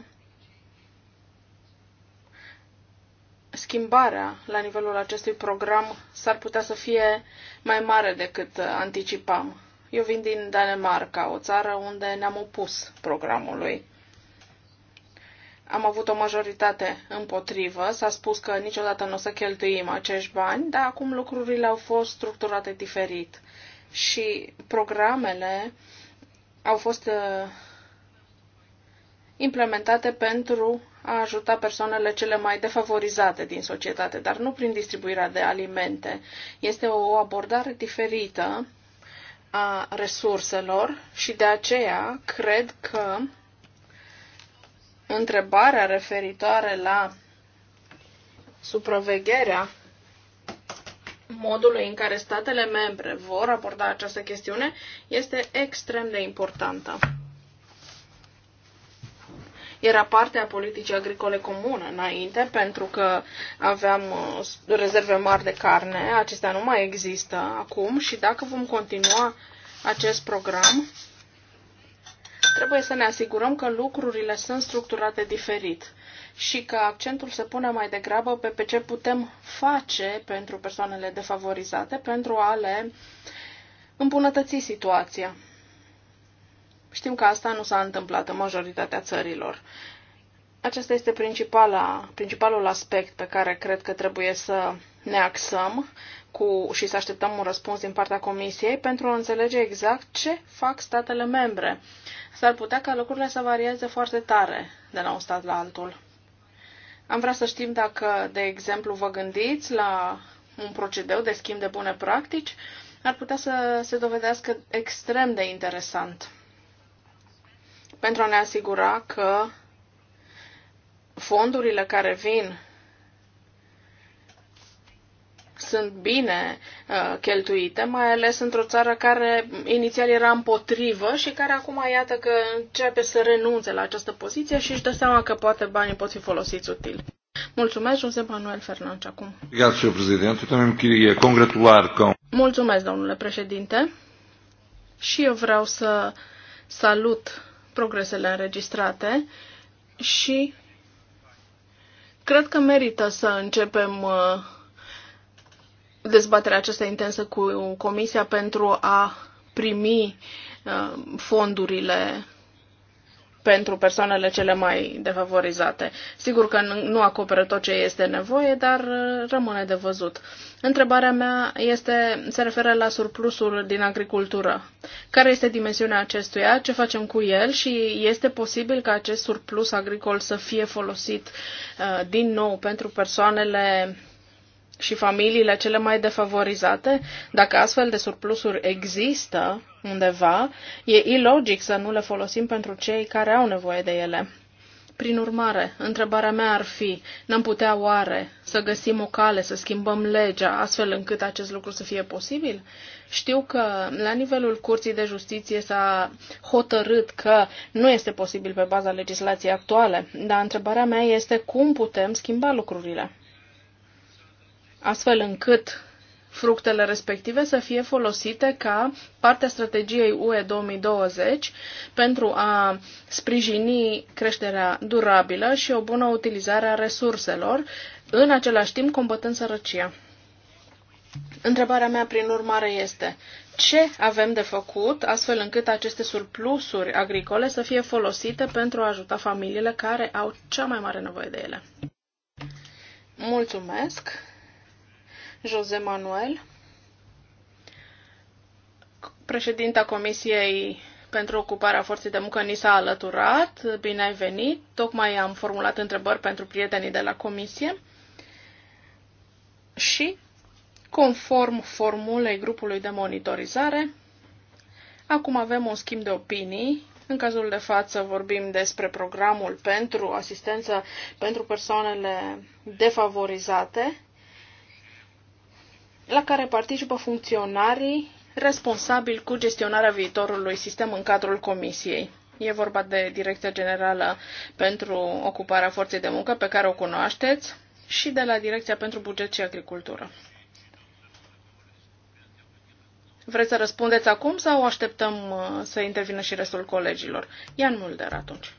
schimbarea la nivelul acestui program s-ar putea să fie mai mare decât anticipam. Eu vin din Danemarca, o țară unde ne-am opus programului am avut o majoritate împotrivă, s-a spus că niciodată nu o să cheltuim acești bani, dar acum lucrurile au fost structurate diferit și programele au fost uh, implementate pentru a ajuta persoanele cele mai defavorizate din societate, dar nu prin distribuirea de alimente. Este o abordare diferită a resurselor și de aceea cred că întrebarea referitoare la supravegherea modului în care statele membre vor aborda această chestiune este extrem de importantă. Era parte a politicii agricole comune înainte, pentru că aveam uh, rezerve mari de carne, acestea nu mai există acum și dacă vom continua acest program, Trebuie să ne asigurăm că lucrurile sunt structurate diferit și că accentul se pune mai degrabă pe, pe ce putem face pentru persoanele defavorizate, pentru a le îmbunătăți situația. Știm că asta nu s-a întâmplat în majoritatea țărilor. Acesta este principala, principalul aspect pe care cred că trebuie să ne axăm cu, și să așteptăm un răspuns din partea Comisiei pentru a înțelege exact ce fac statele membre. S-ar putea ca lucrurile să varieze foarte tare de la un stat la altul. Am vrea să știm dacă, de exemplu, vă gândiți la un procedeu de schimb de bune practici, ar putea să se dovedească extrem de interesant pentru a ne asigura că fondurile care vin sunt bine uh, cheltuite, mai ales într-o țară care inițial era împotrivă și care acum iată că începe să renunțe la această poziție și își dă seama că poate banii pot fi folosiți util. Mulțumesc, José Manuel Fernandes, acum. Mulțumesc, domnule președinte. Și eu vreau să salut progresele înregistrate și cred că merită să începem uh, dezbaterea aceasta intensă cu Comisia pentru a primi uh, fondurile pentru persoanele cele mai defavorizate. Sigur că nu acoperă tot ce este nevoie, dar uh, rămâne de văzut. Întrebarea mea este, se referă la surplusul din agricultură. Care este dimensiunea acestuia? Ce facem cu el? Și este posibil ca acest surplus agricol să fie folosit uh, din nou pentru persoanele și familiile cele mai defavorizate, dacă astfel de surplusuri există undeva, e ilogic să nu le folosim pentru cei care au nevoie de ele. Prin urmare, întrebarea mea ar fi, n-am putea oare să găsim o cale, să schimbăm legea, astfel încât acest lucru să fie posibil? Știu că la nivelul Curții de Justiție s-a hotărât că nu este posibil pe baza legislației actuale, dar întrebarea mea este cum putem schimba lucrurile astfel încât fructele respective să fie folosite ca parte a strategiei UE 2020 pentru a sprijini creșterea durabilă și o bună utilizare a resurselor, în același timp combătând sărăcia. Întrebarea mea, prin urmare, este ce avem de făcut astfel încât aceste surplusuri agricole să fie folosite pentru a ajuta familiile care au cea mai mare nevoie de ele? Mulțumesc! José Manuel, președinta Comisiei pentru ocuparea forței de muncă ni s-a alăturat. Bine ai venit. Tocmai am formulat întrebări pentru prietenii de la comisie. Și, conform formulei grupului de monitorizare, acum avem un schimb de opinii. În cazul de față vorbim despre programul pentru asistență pentru persoanele defavorizate la care participă funcționarii responsabili cu gestionarea viitorului sistem în cadrul Comisiei. E vorba de Direcția Generală pentru Ocuparea Forței de Muncă, pe care o cunoașteți, și de la Direcția pentru Buget și Agricultură. Vreți să răspundeți acum sau așteptăm uh, să intervină și restul colegilor? Ian Mulder atunci.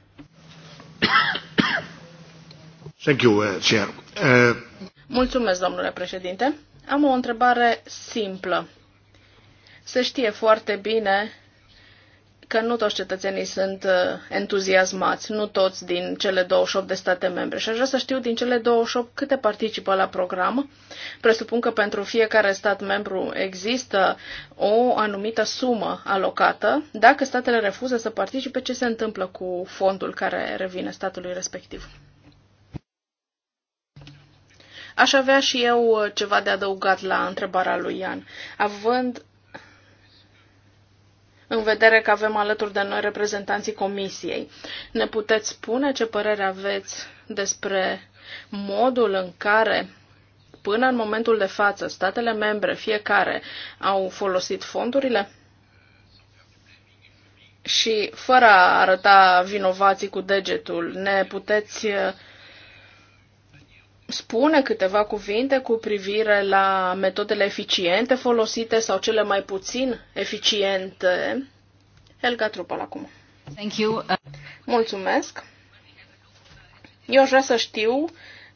Thank you, uh, Chair. Uh... Mulțumesc, domnule președinte. Am o întrebare simplă. Se știe foarte bine că nu toți cetățenii sunt uh, entuziasmați, nu toți din cele 28 de state membre. Și aș vrea să știu din cele 28 câte participă la program. Presupun că pentru fiecare stat membru există o anumită sumă alocată. Dacă statele refuză să participe, ce se întâmplă cu fondul care revine statului respectiv? Aș avea și eu uh, ceva de adăugat la întrebarea lui Ian. Având în vedere că avem alături de noi reprezentanții comisiei, ne puteți spune ce părere aveți despre modul în care până în momentul de față statele membre, fiecare, au folosit fondurile? Și fără a arăta vinovații cu degetul, ne puteți uh, spune câteva cuvinte cu privire la metodele eficiente folosite sau cele mai puțin eficiente. Helga Trupal acum. Thank you. Mulțumesc. Eu aș vrea să știu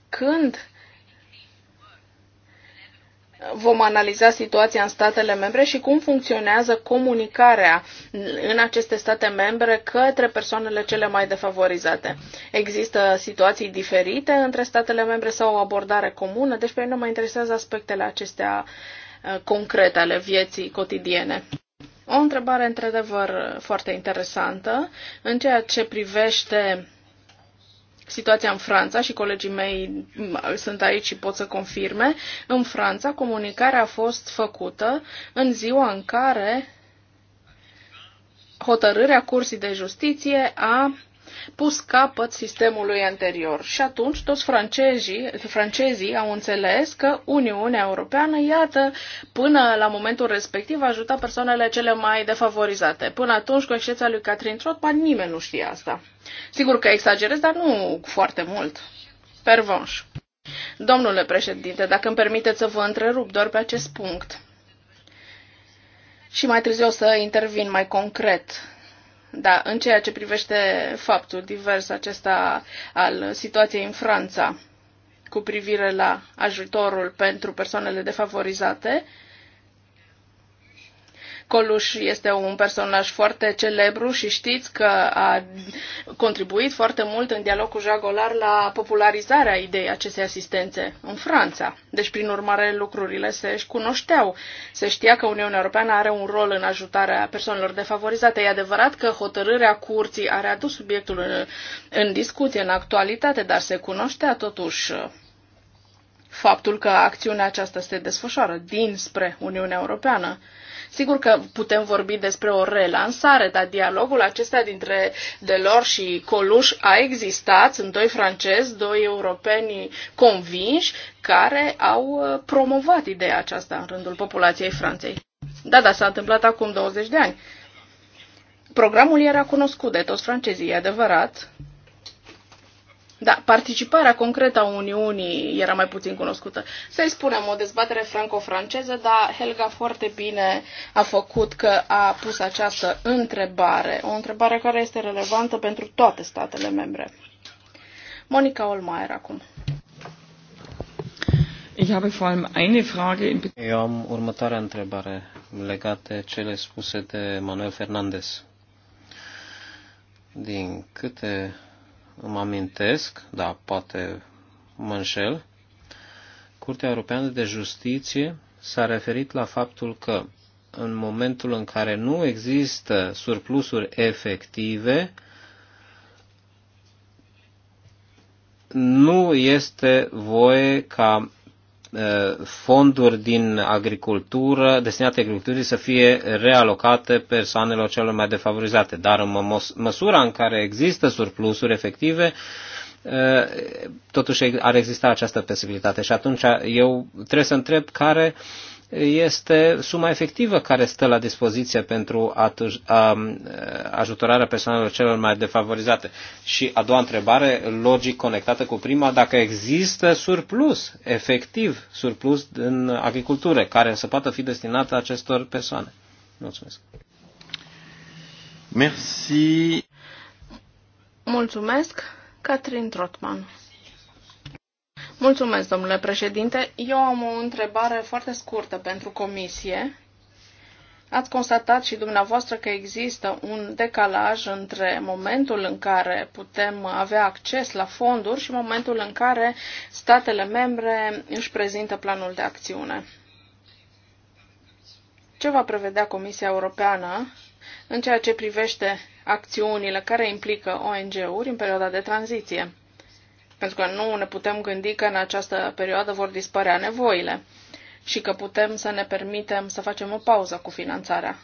când vom analiza situația în statele membre și cum funcționează comunicarea în aceste state membre către persoanele cele mai defavorizate. Există situații diferite între statele membre sau o abordare comună, deci pe mine mă interesează aspectele acestea uh, concrete ale vieții cotidiene. O întrebare într-adevăr foarte interesantă în ceea ce privește situația în Franța și colegii mei mm, sunt aici și pot să confirme. În Franța, comunicarea a fost făcută în ziua în care hotărârea cursii de Justiție a pus capăt sistemului anterior. Și atunci toți francezii, francezii au înțeles că Uniunea Europeană, iată, până la momentul respectiv ajuta persoanele cele mai defavorizate. Până atunci, cu excepția lui Catherine Trotman, nimeni nu știa asta. Sigur că exagerez, dar nu foarte mult. Pervonș. Domnule președinte, dacă îmi permiteți să vă întrerup doar pe acest punct. Și mai târziu o să intervin mai concret. Da, în ceea ce privește faptul divers acesta al situației în Franța cu privire la ajutorul pentru persoanele defavorizate, Coluș este un personaj foarte celebru și știți că a contribuit foarte mult în dialog cu Jacques Golar la popularizarea ideii acestei asistențe în Franța. Deci, prin urmare, lucrurile se cunoșteau. Se știa că Uniunea Europeană are un rol în ajutarea persoanelor defavorizate. E adevărat că hotărârea curții a adus subiectul în, în discuție, în actualitate, dar se cunoștea totuși uh, faptul că acțiunea aceasta se desfășoară dinspre Uniunea Europeană. Sigur că putem vorbi despre o relansare, dar dialogul acesta dintre Delors și Coluș a existat. Sunt doi francezi, doi europeni convinși care au uh, promovat ideea aceasta în rândul populației Franței. Da, da, s-a întâmplat acum 20 de ani. Programul era cunoscut de toți francezii, e adevărat, da, participarea concretă a Uniunii era mai puțin cunoscută. Să-i spunem, o dezbatere franco-franceză, dar Helga foarte bine a făcut că a pus această întrebare, o întrebare care este relevantă pentru toate statele membre. Monica Olmaier acum. Eu am următoarea întrebare legată cele spuse de Manuel Fernandez. Din câte îmi amintesc, dar poate mă înșel, Curtea Europeană de Justiție s-a referit la faptul că în momentul în care nu există surplusuri efective, nu este voie ca Uh, fonduri din agricultură, destinate agriculturii, să fie realocate persoanelor celor mai defavorizate. Dar în măsura în care există surplusuri efective, uh, totuși ar exista această posibilitate. Și atunci eu trebuie să întreb care uh, este suma efectivă care stă la dispoziție pentru ajutorarea persoanelor celor mai defavorizate. Și a doua întrebare, logic conectată cu prima, dacă există surplus, efectiv surplus în agricultură, care să poată fi destinată acestor persoane. Mulțumesc. Merci. Mulțumesc, Catherine Trotman. Mulțumesc, domnule președinte. Eu am o întrebare foarte scurtă pentru comisie. Ați constatat și dumneavoastră că există un decalaj între momentul în care putem avea acces la fonduri și momentul în care statele membre își prezintă planul de acțiune. Ce va prevedea Comisia Europeană în ceea ce privește acțiunile care implică ONG-uri în perioada de tranziție? Pentru că nu ne putem gândi că în această perioadă vor dispărea nevoile și că putem să ne permitem să facem o pauză cu finanțarea.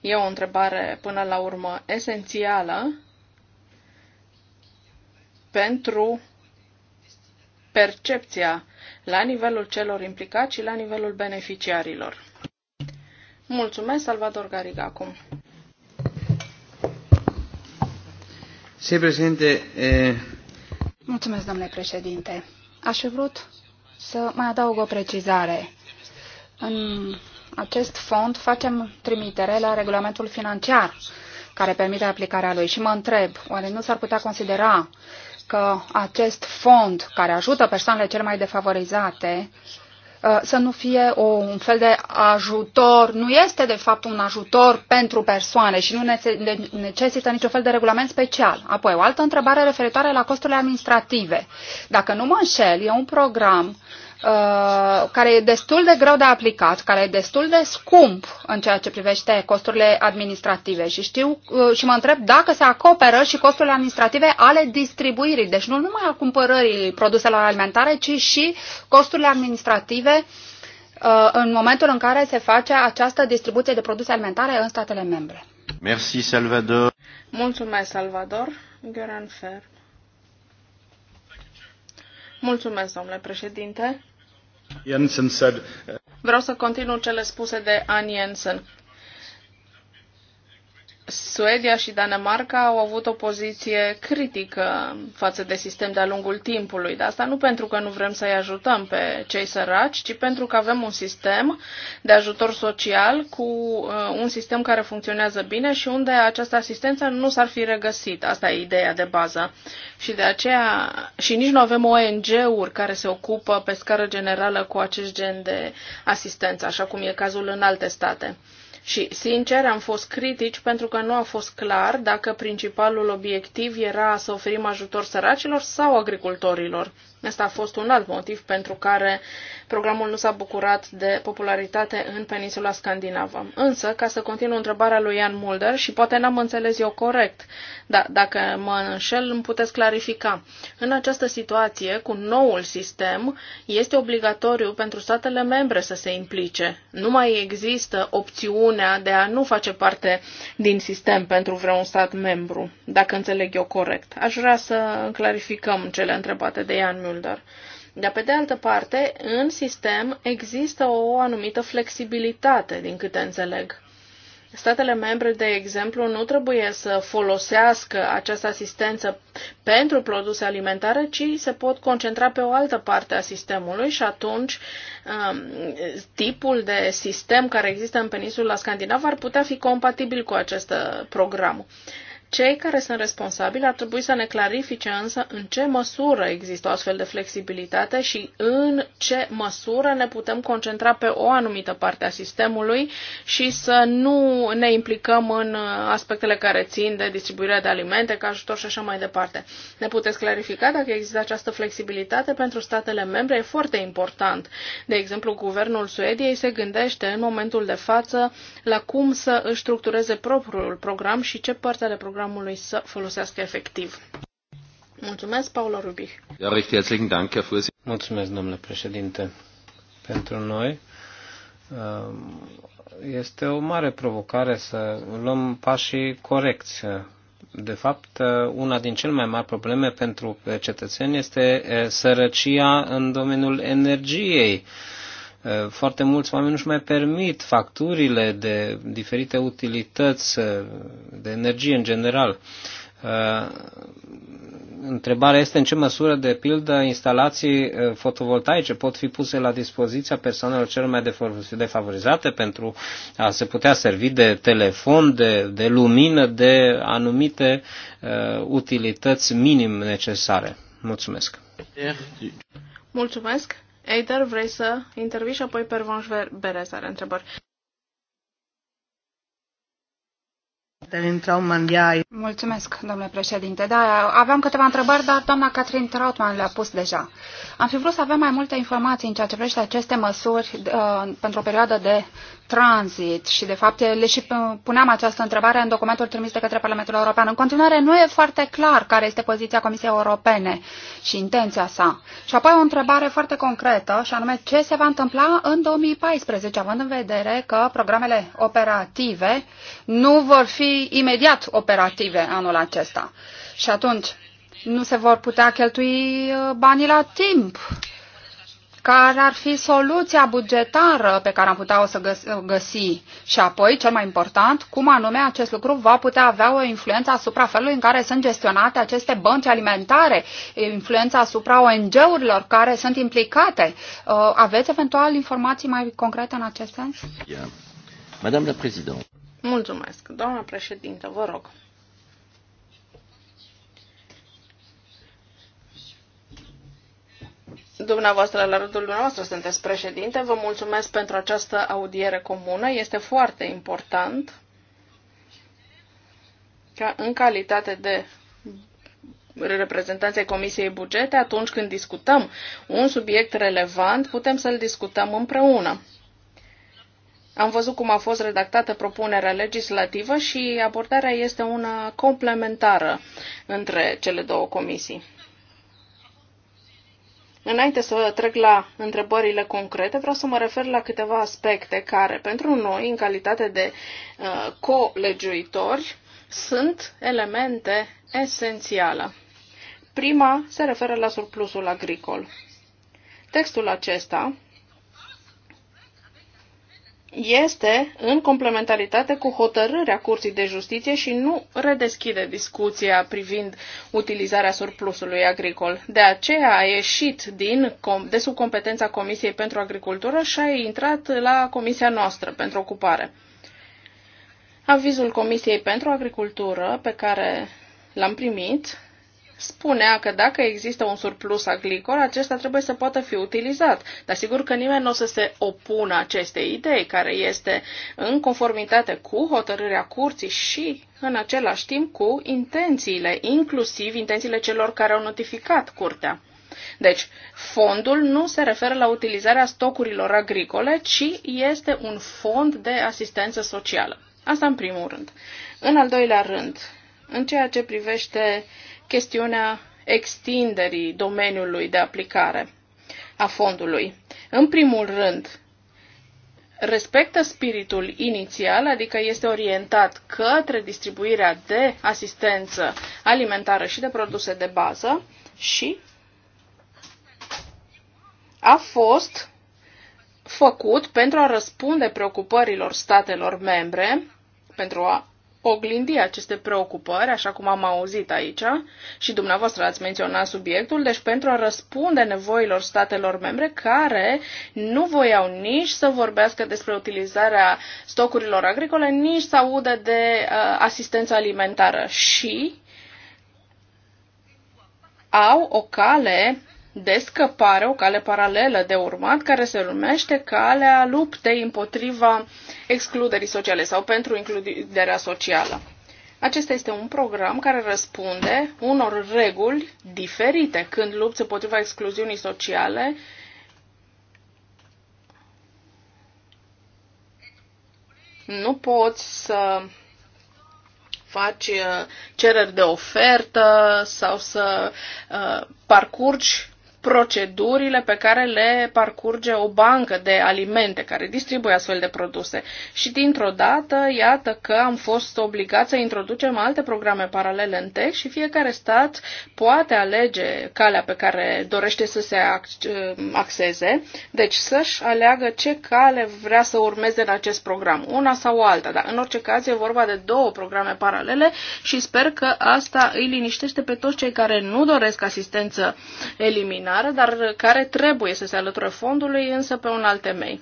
E o întrebare până la urmă esențială pentru percepția la nivelul celor implicați și la nivelul beneficiarilor. Mulțumesc, Salvador Gariga, acum. Se presidente. Eh... Mulțumesc, domnule președinte. Aș fi vrut să mai adaug o precizare. În acest fond facem trimitere la regulamentul financiar care permite aplicarea lui și mă întreb, oare nu s-ar putea considera că acest fond care ajută persoanele cele mai defavorizate Uh, să nu fie o, un fel de ajutor, nu este de fapt un ajutor pentru persoane și nu necesită niciun fel de regulament special. Apoi, o altă întrebare referitoare la costurile administrative. Dacă nu mă înșel, e un program uh, Uh, care e destul de greu de aplicat, care e destul de scump în ceea ce privește costurile administrative și știu uh, și mă întreb dacă se acoperă și costurile administrative ale distribuirii, deci nu numai a cumpărării produselor alimentare, ci și costurile administrative uh, în momentul în care se face această distribuție de produse alimentare în statele membre. Merci, Salvador. Mulțumesc, Salvador. Göran Fer. Mulțumesc, domnule președinte. Jensen said... Vreau să continu cele spuse de Ann Jensen. Suedia și Danemarca au avut o poziție critică față de sistem de-a lungul timpului, dar asta nu pentru că nu vrem să-i ajutăm pe cei săraci, ci pentru că avem un sistem de ajutor social cu uh, un sistem care funcționează bine și unde această asistență nu s-ar fi regăsit. Asta e ideea de bază. Și de aceea și nici nu avem ONG-uri care se ocupă pe scară generală cu acest gen de asistență, așa cum e cazul în alte state. Și, sincer, am fost critici pentru că nu a fost clar dacă principalul obiectiv era să oferim ajutor săracilor sau agricultorilor. Asta a fost un alt motiv pentru care programul nu s-a bucurat de popularitate în peninsula scandinavă. Însă, ca să continu întrebarea lui Ian Mulder, și poate n-am înțeles eu corect, dar dacă mă înșel, îmi puteți clarifica. În această situație, cu noul sistem, este obligatoriu pentru statele membre să se implice. Nu mai există opțiunea de a nu face parte din sistem pentru vreun stat membru, dacă înțeleg eu corect. Aș vrea să clarificăm cele întrebate de Ian Mulder. Mulder. Dar, pe de altă parte, în sistem există o anumită flexibilitate, din câte înțeleg. Statele membre, de exemplu, nu trebuie să folosească această asistență pentru produse alimentare, ci se pot concentra pe o altă parte a sistemului și atunci um, tipul de sistem care există în peninsula Scandinavă ar putea fi compatibil cu acest uh, program. Cei care sunt responsabili ar trebui să ne clarifice însă în ce măsură există o astfel de flexibilitate și în ce măsură ne putem concentra pe o anumită parte a sistemului și să nu ne implicăm în aspectele care țin de distribuirea de alimente, ca ajutor și așa mai departe. Ne puteți clarifica dacă există această flexibilitate pentru statele membre? E foarte important. De exemplu, guvernul Suediei se gândește în momentul de față la cum să își structureze propriul program și ce părți ale programului programului să folosească efectiv. Mulțumesc, Paula Rubi. Mulțumesc, domnule președinte. Pentru noi um, este o mare provocare să luăm pașii corecți de fapt, una din cele mai mari probleme pentru cetățeni este sărăcia în domeniul energiei. Eh, foarte mulți oameni nu-și mai permit facturile de diferite utilități, eh, de energie în general. Eh, întrebarea este în ce măsură, de pildă, instalații fotovoltaice pot fi puse la dispoziția persoanelor cel mai defavorizate pentru a se putea servi de telefon, de, de lumină, de anumite uh, utilități minim necesare. Mulțumesc! Mulțumesc! Eider, vrei să intervii și apoi Pervanș Berez are întrebări. Mulțumesc, domnule președinte. Da, aveam câteva întrebări, dar doamna Catherine Trautmann le-a pus deja. Am fi vrut să avem mai multe informații în ceea ce privește aceste măsuri uh, pentru o perioadă de tranzit și, de fapt, le și puneam această întrebare în documentul trimis de către Parlamentul European. În continuare, nu e foarte clar care este poziția Comisiei Europene și intenția sa. Și apoi o întrebare foarte concretă, și anume ce se va întâmpla în 2014, având în vedere că programele operative nu vor fi imediat operative anul acesta. Și atunci nu se vor putea cheltui uh, banii la timp. Care ar fi soluția bugetară pe care am putea o să găsi? Și apoi, cel mai important, cum anume acest lucru va putea avea o influență asupra felului în care sunt gestionate aceste bănci alimentare, influența asupra ONG-urilor care sunt implicate. Uh, aveți eventual informații mai concrete în acest sens? Yeah. Madame la Président. Mulțumesc. Doamna președintă, vă rog. Dumneavoastră, la rândul dumneavoastră, sunteți președinte. Vă mulțumesc pentru această audiere comună. Este foarte important ca în calitate de reprezentanței Comisiei Bugete, atunci când discutăm un subiect relevant, putem să-l discutăm împreună. Am văzut cum a fost redactată propunerea legislativă și abordarea este una complementară între cele două comisii. Înainte să trec la întrebările concrete, vreau să mă refer la câteva aspecte care, pentru noi, în calitate de uh, colegiuitori, sunt elemente esențiale. Prima se referă la surplusul agricol. Textul acesta este în complementaritate cu hotărârea Curții de Justiție și nu redeschide discuția privind utilizarea surplusului agricol. De aceea a ieșit din, de sub competența Comisiei pentru Agricultură și a intrat la Comisia noastră pentru ocupare. Avizul Comisiei pentru Agricultură pe care l-am primit spunea că dacă există un surplus agricol, acesta trebuie să poată fi utilizat. Dar sigur că nimeni nu o să se opună acestei idei, care este în conformitate cu hotărârea curții și în același timp cu intențiile, inclusiv intențiile celor care au notificat curtea. Deci, fondul nu se referă la utilizarea stocurilor agricole, ci este un fond de asistență socială. Asta în primul rând. În al doilea rând, în ceea ce privește chestiunea extinderii domeniului de aplicare a fondului. În primul rând, respectă spiritul inițial, adică este orientat către distribuirea de asistență alimentară și de produse de bază și a fost făcut pentru a răspunde preocupărilor statelor membre, pentru a oglindi aceste preocupări, așa cum am auzit aici, și dumneavoastră ați menționat subiectul, deci pentru a răspunde nevoilor statelor membre care nu voiau nici să vorbească despre utilizarea stocurilor agricole, nici să audă de uh, asistență alimentară și au o cale de scăpare, o cale paralelă de urmat, care se numește calea luptei împotriva excluderii sociale sau pentru includerea socială. Acesta este un program care răspunde unor reguli diferite când lupți împotriva excluziunii sociale nu poți să faci uh, cereri de ofertă sau să uh, parcurgi procedurile pe care le parcurge o bancă de alimente care distribuie astfel de produse. Și dintr-o dată, iată că am fost obligați să introducem alte programe paralele în text și fiecare stat poate alege calea pe care dorește să se axeze, deci să-și aleagă ce cale vrea să urmeze în acest program, una sau alta, dar în orice caz e vorba de două programe paralele și sper că asta îi liniștește pe toți cei care nu doresc asistență eliminată extraordinară, dar care trebuie să se alăture fondului, însă pe un alt temei.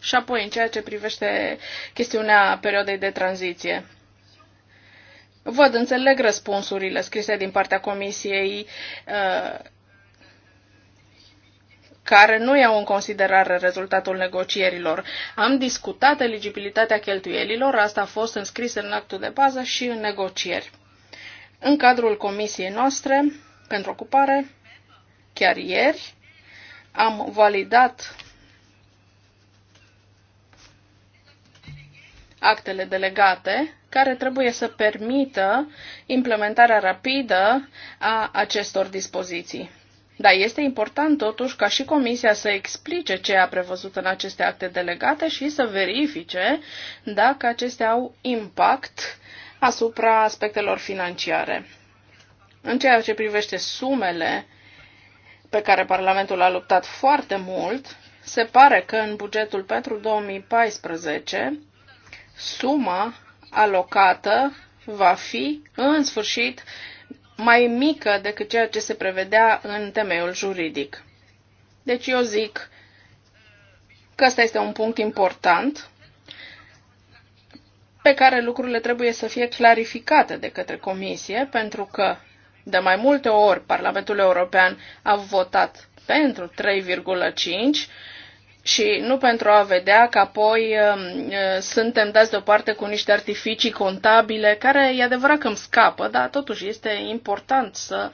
Și apoi, în ceea ce privește chestiunea perioadei de tranziție. Văd, înțeleg răspunsurile scrise din partea Comisiei uh, care nu iau în considerare rezultatul negocierilor. Am discutat eligibilitatea cheltuielilor, asta a fost înscris în actul de bază și în negocieri. În cadrul comisiei noastre pentru ocupare, chiar ieri. Am validat actele delegate care trebuie să permită implementarea rapidă a acestor dispoziții. Dar este important totuși ca și Comisia să explice ce a prevăzut în aceste acte delegate și să verifice dacă acestea au impact asupra aspectelor financiare. În ceea ce privește sumele pe care Parlamentul a luptat foarte mult, se pare că în bugetul pentru 2014 suma alocată va fi în sfârșit mai mică decât ceea ce se prevedea în temeiul juridic. Deci eu zic că ăsta este un punct important pe care lucrurile trebuie să fie clarificate de către comisie, pentru că de mai multe ori Parlamentul European a votat pentru 3,5 și nu pentru a vedea că apoi um, uh, suntem dați deoparte cu niște artificii contabile, care e adevărat că îmi scapă, dar totuși este important să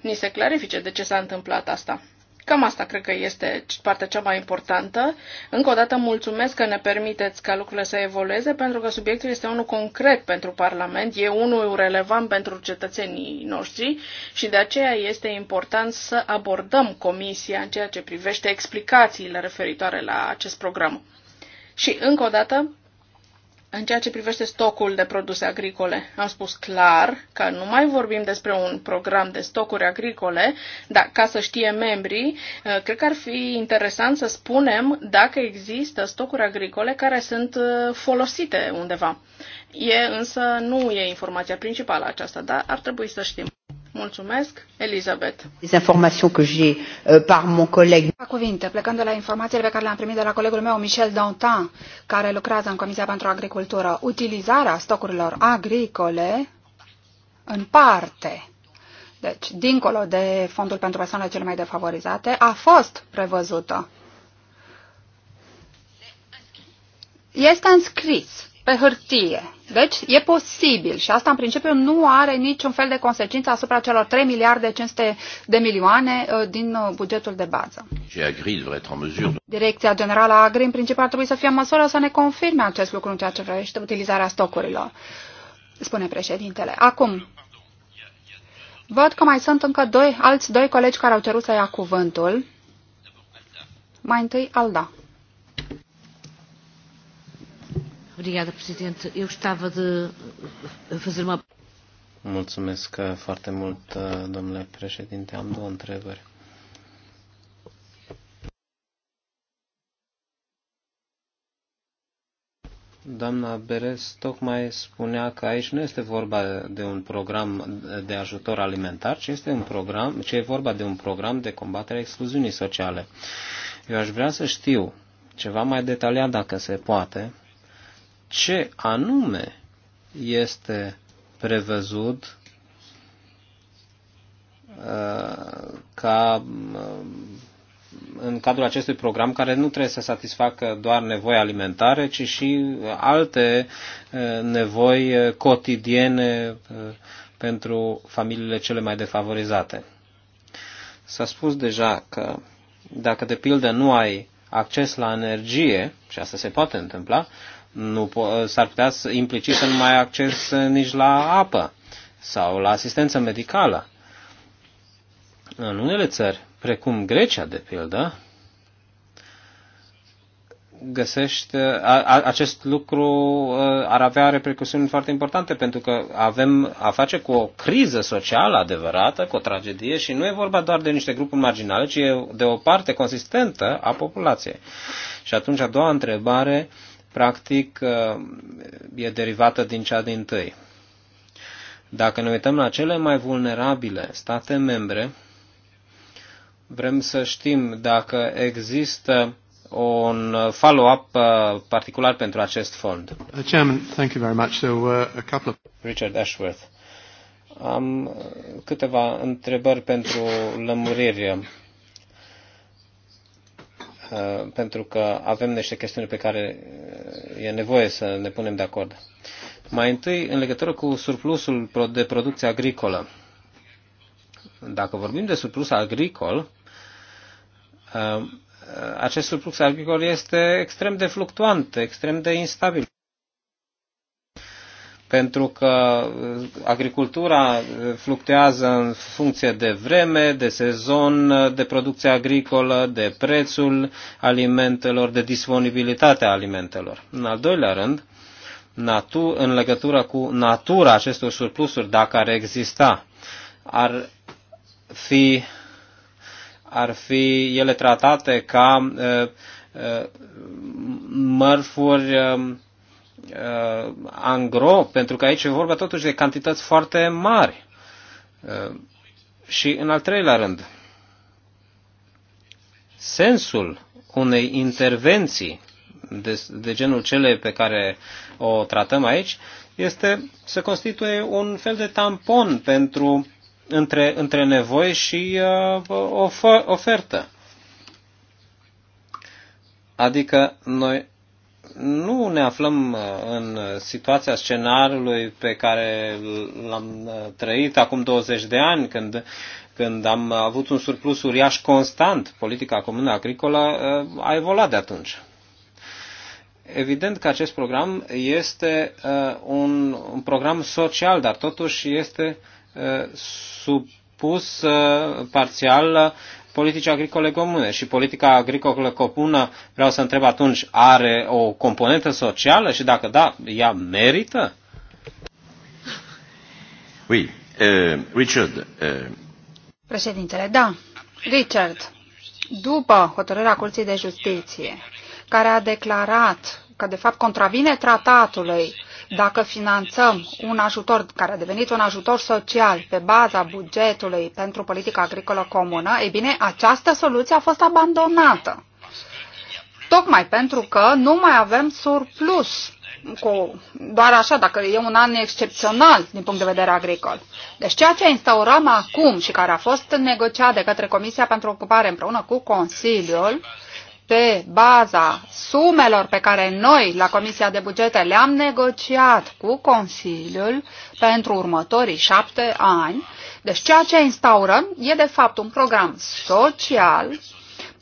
ni se clarifice de ce s-a întâmplat asta. Cam asta cred că este partea cea mai importantă. Încă o dată mulțumesc că ne permiteți ca lucrurile să evolueze, pentru că subiectul este unul concret pentru Parlament, e unul relevant pentru cetățenii noștri și de aceea este important să abordăm Comisia în ceea ce privește explicațiile referitoare la acest program. Și încă o dată, în ceea ce privește stocul de produse agricole, am spus clar că nu mai vorbim despre un program de stocuri agricole, dar ca să știe membrii, eh, cred că ar fi interesant să spunem dacă există stocuri agricole care sunt eh, folosite undeva. E însă nu e informația principală aceasta, dar ar trebui să știm. Mulțumesc, Elizabeth. Informații que j'ai euh, par mon coleg. Cuvinte, plecând de la informațiile pe care le-am primit de la colegul meu, Michel Dantin, care lucrează în Comisia pentru Agricultură, utilizarea stocurilor agricole în parte deci, dincolo de fondul pentru persoanele cele mai defavorizate, a fost prevăzută. Este înscris pe hârtie. Deci e posibil și asta în principiu nu are niciun fel de consecință asupra celor 3 miliarde 500 de milioane uh, din uh, bugetul de bază. Direcția Generală a Agri în principiu ar trebui să fie în măsură să ne confirme acest lucru în ceea ce privește utilizarea stocurilor, spune președintele. Acum, văd că mai sunt încă doi, alți doi colegi care au cerut să ia cuvântul. Mai întâi, Alda. Obrigada, Presidente. Eu gostava de fazer uma... Mulțumesc foarte mult, domnule președinte. Am două întrebări. Doamna Beres tocmai spunea că aici nu este vorba de un program de ajutor alimentar, ci este un program, ci e vorba de un program de combatere a excluziunii sociale. Eu aș vrea să știu ceva mai detaliat, dacă se poate, ce anume este prevăzut uh, ca uh, în cadrul acestui program care nu trebuie să satisfacă doar nevoi alimentare, ci și alte uh, nevoi cotidiene pentru familiile cele mai defavorizate. S-a spus deja că dacă de pildă nu ai acces la energie, și asta se poate întâmpla, nu s-ar putea să, implici să nu mai ai acces nici la apă sau la asistență medicală. În unele țări, precum Grecia, de pildă, găsește a, acest lucru ă, ar avea repercusiuni foarte importante pentru că avem a face cu o criză socială adevărată, cu o tragedie și nu e vorba doar de niște grupuri marginale, ci de o parte consistentă a populației. Și atunci a doua întrebare practic uh, e derivată din cea din tâi. Dacă ne uităm la cele mai vulnerabile state membre, vrem să știm dacă există un follow-up uh, particular pentru acest fond. Uh, Chairman, thank you very much. So, uh, a couple of... Richard Ashworth. Am câteva întrebări pentru lămuriri. Uh, pentru că avem niște chestiuni pe care uh, e nevoie să ne punem de acord. Mai întâi, în legătură cu surplusul de producție agricolă. Dacă vorbim de surplus agricol, uh, acest surplus agricol este extrem de fluctuant, extrem de instabil pentru că uh, agricultura uh, fluctuează în funcție de vreme, de sezon, uh, de producție agricolă, de prețul alimentelor, de disponibilitatea alimentelor. În al doilea rând, natu- în legătură cu natura acestor surplusuri, dacă ar exista, ar fi, ar fi ele tratate ca uh, uh, mărfuri uh, uh, angro, pentru că aici e vorba totuși de cantități foarte mari. Uh, și în al treilea rând, sensul unei intervenții de, de genul cele pe care o tratăm aici este să constituie un fel de tampon pentru între, între nevoi și uh, ofer, ofertă. Adică noi nu ne aflăm uh, în situația scenariului pe care l-am uh, trăit acum 20 de ani, când, când am avut un surplus uriaș constant. Politica comună agricolă uh, a evoluat de atunci. Evident că acest program este un, un program social, dar totuși este supus parțial politicii agricole comune. Și politica agricolă comună, vreau să întreb atunci, are o componentă socială și dacă da, ea merită? Oui, uh, Richard. Uh... Președintele, da. Richard, după hotărârea Curții de Justiție, care a declarat că de fapt contravine tratatului dacă finanțăm un ajutor care a devenit un ajutor social pe baza bugetului pentru politica agricolă comună, e bine, această soluție a fost abandonată. Tocmai pentru că nu mai avem surplus cu, doar așa, dacă e un an excepțional din punct de vedere agricol. Deci ceea ce instaurăm acum și care a fost negociat de către Comisia pentru Ocupare împreună cu Consiliul, uh, pe baza sumelor pe care noi la Comisia de Bugete le-am negociat cu Consiliul pentru următorii șapte ani. Deci ceea ce instaurăm e de fapt un program social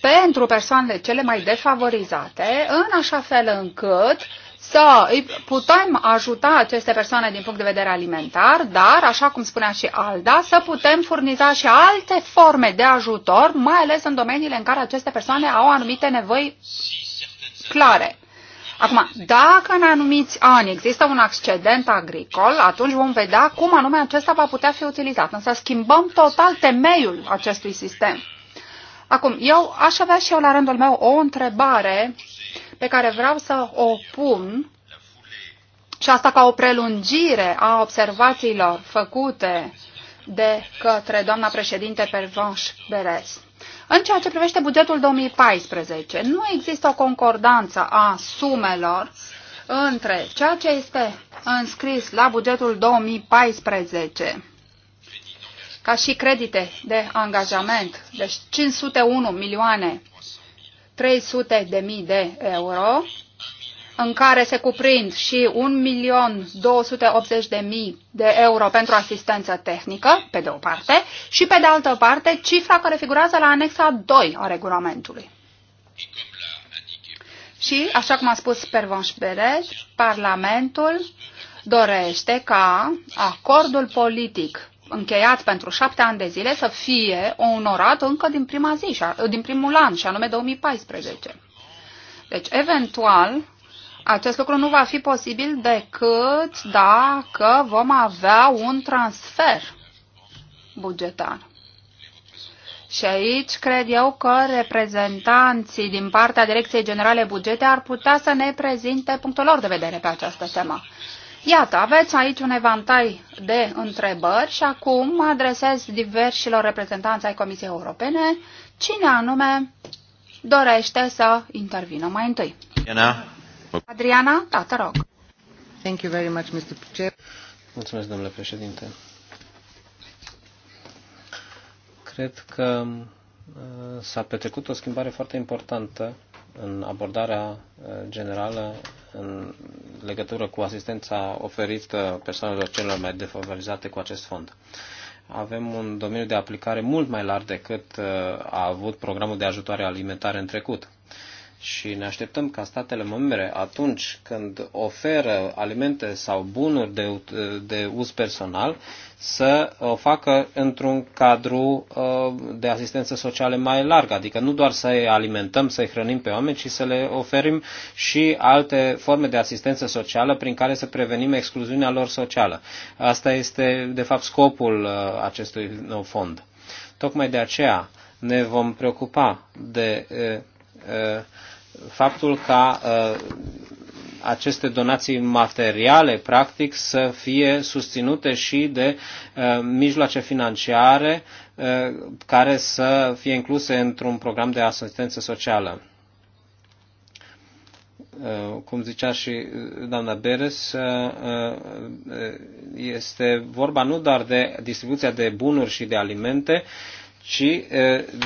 pentru persoanele cele mai defavorizate, în așa fel încât uh, să îi putem ajuta aceste persoane din punct de vedere alimentar, dar, așa cum spunea și Alda, să putem furniza și alte forme de ajutor, mai ales în domeniile în care aceste persoane au anumite nevoi clare. Acum, dacă în anumiți ani există un accident agricol, atunci vom vedea cum anume acesta va putea fi utilizat. Însă schimbăm total temeiul acestui sistem. Acum, eu aș avea și eu la rândul meu o întrebare pe care vreau să o pun și asta ca o prelungire a observațiilor făcute de către doamna președinte Pervanș Beres. În ceea ce privește bugetul 2014, nu există o concordanță a sumelor între ceea ce este înscris la bugetul 2014 ca și credite de angajament, deci 501 milioane 300 de mii de euro, în care se cuprind și 1.280.000 de euro pentru asistență tehnică, pe de o parte, și pe de altă parte cifra care figurează la anexa 2 a regulamentului. Și, așa cum a spus Pervanș Berez, Parlamentul dorește ca acordul politic încheiat pentru șapte ani de zile să fie onorat încă din prima zi, din primul an, și anume 2014. Deci, eventual, acest lucru nu va fi posibil decât dacă vom avea un transfer bugetar. Și aici cred eu că reprezentanții din partea Direcției Generale Bugete ar putea să ne prezinte punctul lor de vedere pe această temă. Iată, aveți aici un evantai de întrebări și acum mă adresez diversilor reprezentanți ai Comisiei Europene. Cine anume dorește să intervină mai întâi? Adriana? Adriana, da, te rog. Thank you very much, Mr. Chair. Mulțumesc, domnule președinte. Cred că uh, s-a petrecut o schimbare foarte importantă în abordarea uh, generală în legătură cu asistența oferită persoanelor celor mai defavorizate cu acest fond. Avem un domeniu de aplicare mult mai larg decât uh, a avut programul de ajutoare alimentare în trecut și ne așteptăm ca statele membre, atunci când oferă alimente sau bunuri de, de uz personal, să o facă într-un cadru uh, de asistență socială mai larg, adică nu doar să-i alimentăm, să-i hrănim pe oameni, ci să le oferim și alte forme de asistență socială prin care să prevenim excluziunea lor socială. Asta este, de fapt, scopul uh, acestui nou fond. Tocmai de aceea ne vom preocupa de uh, uh faptul ca uh, aceste donații materiale, practic, să fie susținute și de uh, mijloace financiare uh, care să fie incluse într-un program de asistență socială. Uh, cum zicea și uh, doamna Beres, uh, este vorba nu doar de distribuția de bunuri și de alimente, și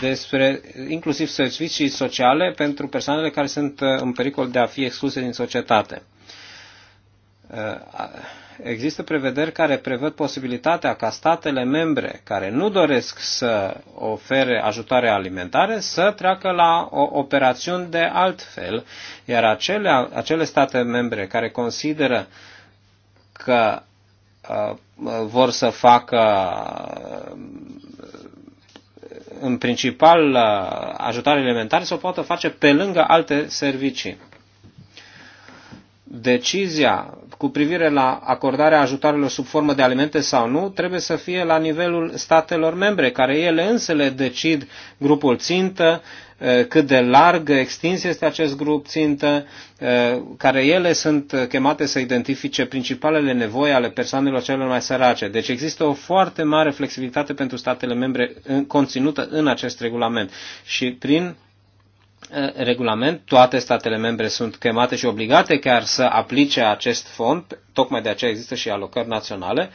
despre inclusiv servicii sociale pentru persoanele care sunt în pericol de a fi excluse din societate. Există prevederi care prevăd posibilitatea ca statele membre care nu doresc să ofere ajutoare alimentare să treacă la o operațiuni de altfel, iar acele, acele state membre care consideră că uh, vor să facă uh, în principal uh, ajutoare elementare să o poată face pe lângă alte servicii decizia cu privire la acordarea ajutoarelor sub formă de alimente sau nu trebuie să fie la nivelul statelor membre, care ele însele decid grupul țintă, eh, cât de larg extins este acest grup țintă, eh, care ele sunt chemate să identifice principalele nevoi ale persoanelor celor mai sărace. Deci există o foarte mare flexibilitate pentru statele membre conținută în acest regulament și prin Eh, regulament, toate statele membre sunt chemate și obligate chiar să aplice acest fond, tocmai de aceea există și alocări naționale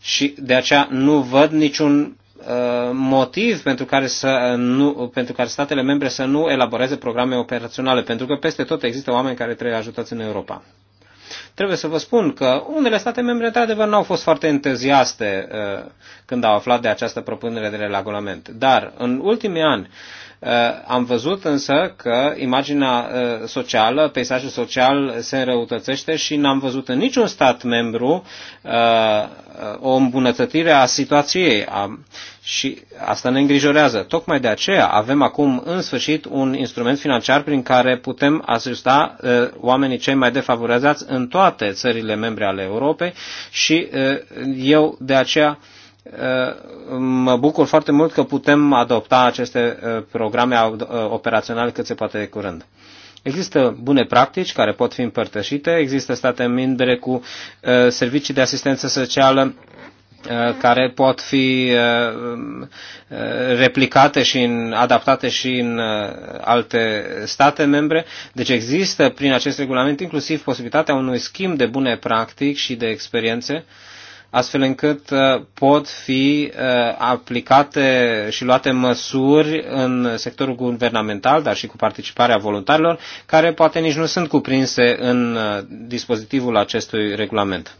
și de aceea nu văd niciun eh, motiv pentru care, să nu, pentru care statele membre să nu elaboreze programe operaționale, pentru că peste tot există oameni care trebuie ajutați în Europa. Trebuie să vă spun că unele state membre, într-adevăr, nu au fost foarte entuziaste uh, când au aflat de această propunere de regulament. Dar, în ultimii ani, uh, Uh, am văzut însă că imaginea uh, socială, peisajul social se înrăutățește și n-am văzut în niciun stat membru uh, o îmbunătățire a situației. Și asta ne îngrijorează. Tocmai de aceea avem acum în sfârșit un instrument financiar prin care putem ajusta oamenii cei mai defavorizați în toate țările membre ale Europei și eu de aceea Uh, mă bucur foarte mult că putem adopta aceste uh, programe uh, operaționale cât se poate de curând. Există bune practici care pot fi împărtășite, există state membre cu servicii de asistență socială care pot fi replicate și în, adaptate și în alte state membre. Deci există prin acest regulament inclusiv posibilitatea unui schimb de bune practici și de experiențe uh, astfel încât uh, pot fi uh, aplicate și luate măsuri în sectorul guvernamental, dar și cu participarea voluntarilor, care poate nici nu sunt cuprinse în uh, dispozitivul acestui regulament.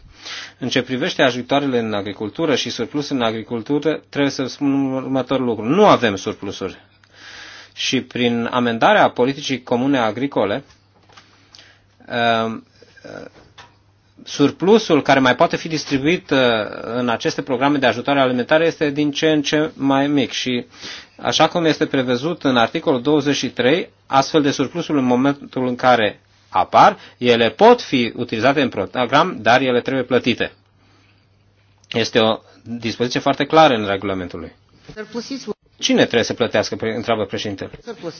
În ce privește ajutoarele în agricultură și surplusul în agricultură, trebuie să spun următorul lucru. Nu avem surplusuri. Și prin amendarea politicii comune agricole, surplusul care mai poate fi distribuit uh, în aceste programe de ajutare alimentare este din ce în ce mai mic și așa cum este prevăzut în articolul 23, astfel de surplusul în momentul în care apar, ele pot fi utilizate în program, dar ele trebuie plătite. Este o dispoziție foarte clară în regulamentul lui. Cine trebuie să plătească, întreabă președintele? Uh,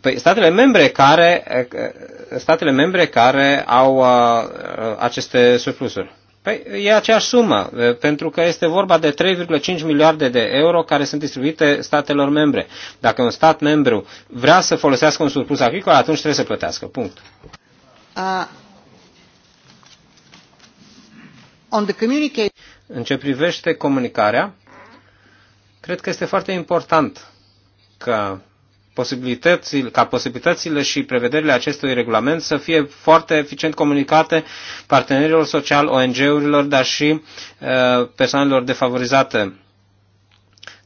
păi statele membre care, uh, statele membre care au uh, aceste surplusuri. Păi e aceeași sumă, pentru că este vorba de 3,5 miliarde de euro care sunt distribuite statelor membre. Dacă un stat membru vrea să folosească un surplus agricol, atunci trebuie să plătească. Punct. Uh, on the În ce privește comunicarea, Cred că este foarte important ca posibilitățile, ca posibilitățile și prevederile acestui regulament să fie foarte eficient comunicate partenerilor social, ONG-urilor, dar și uh, persoanelor defavorizate.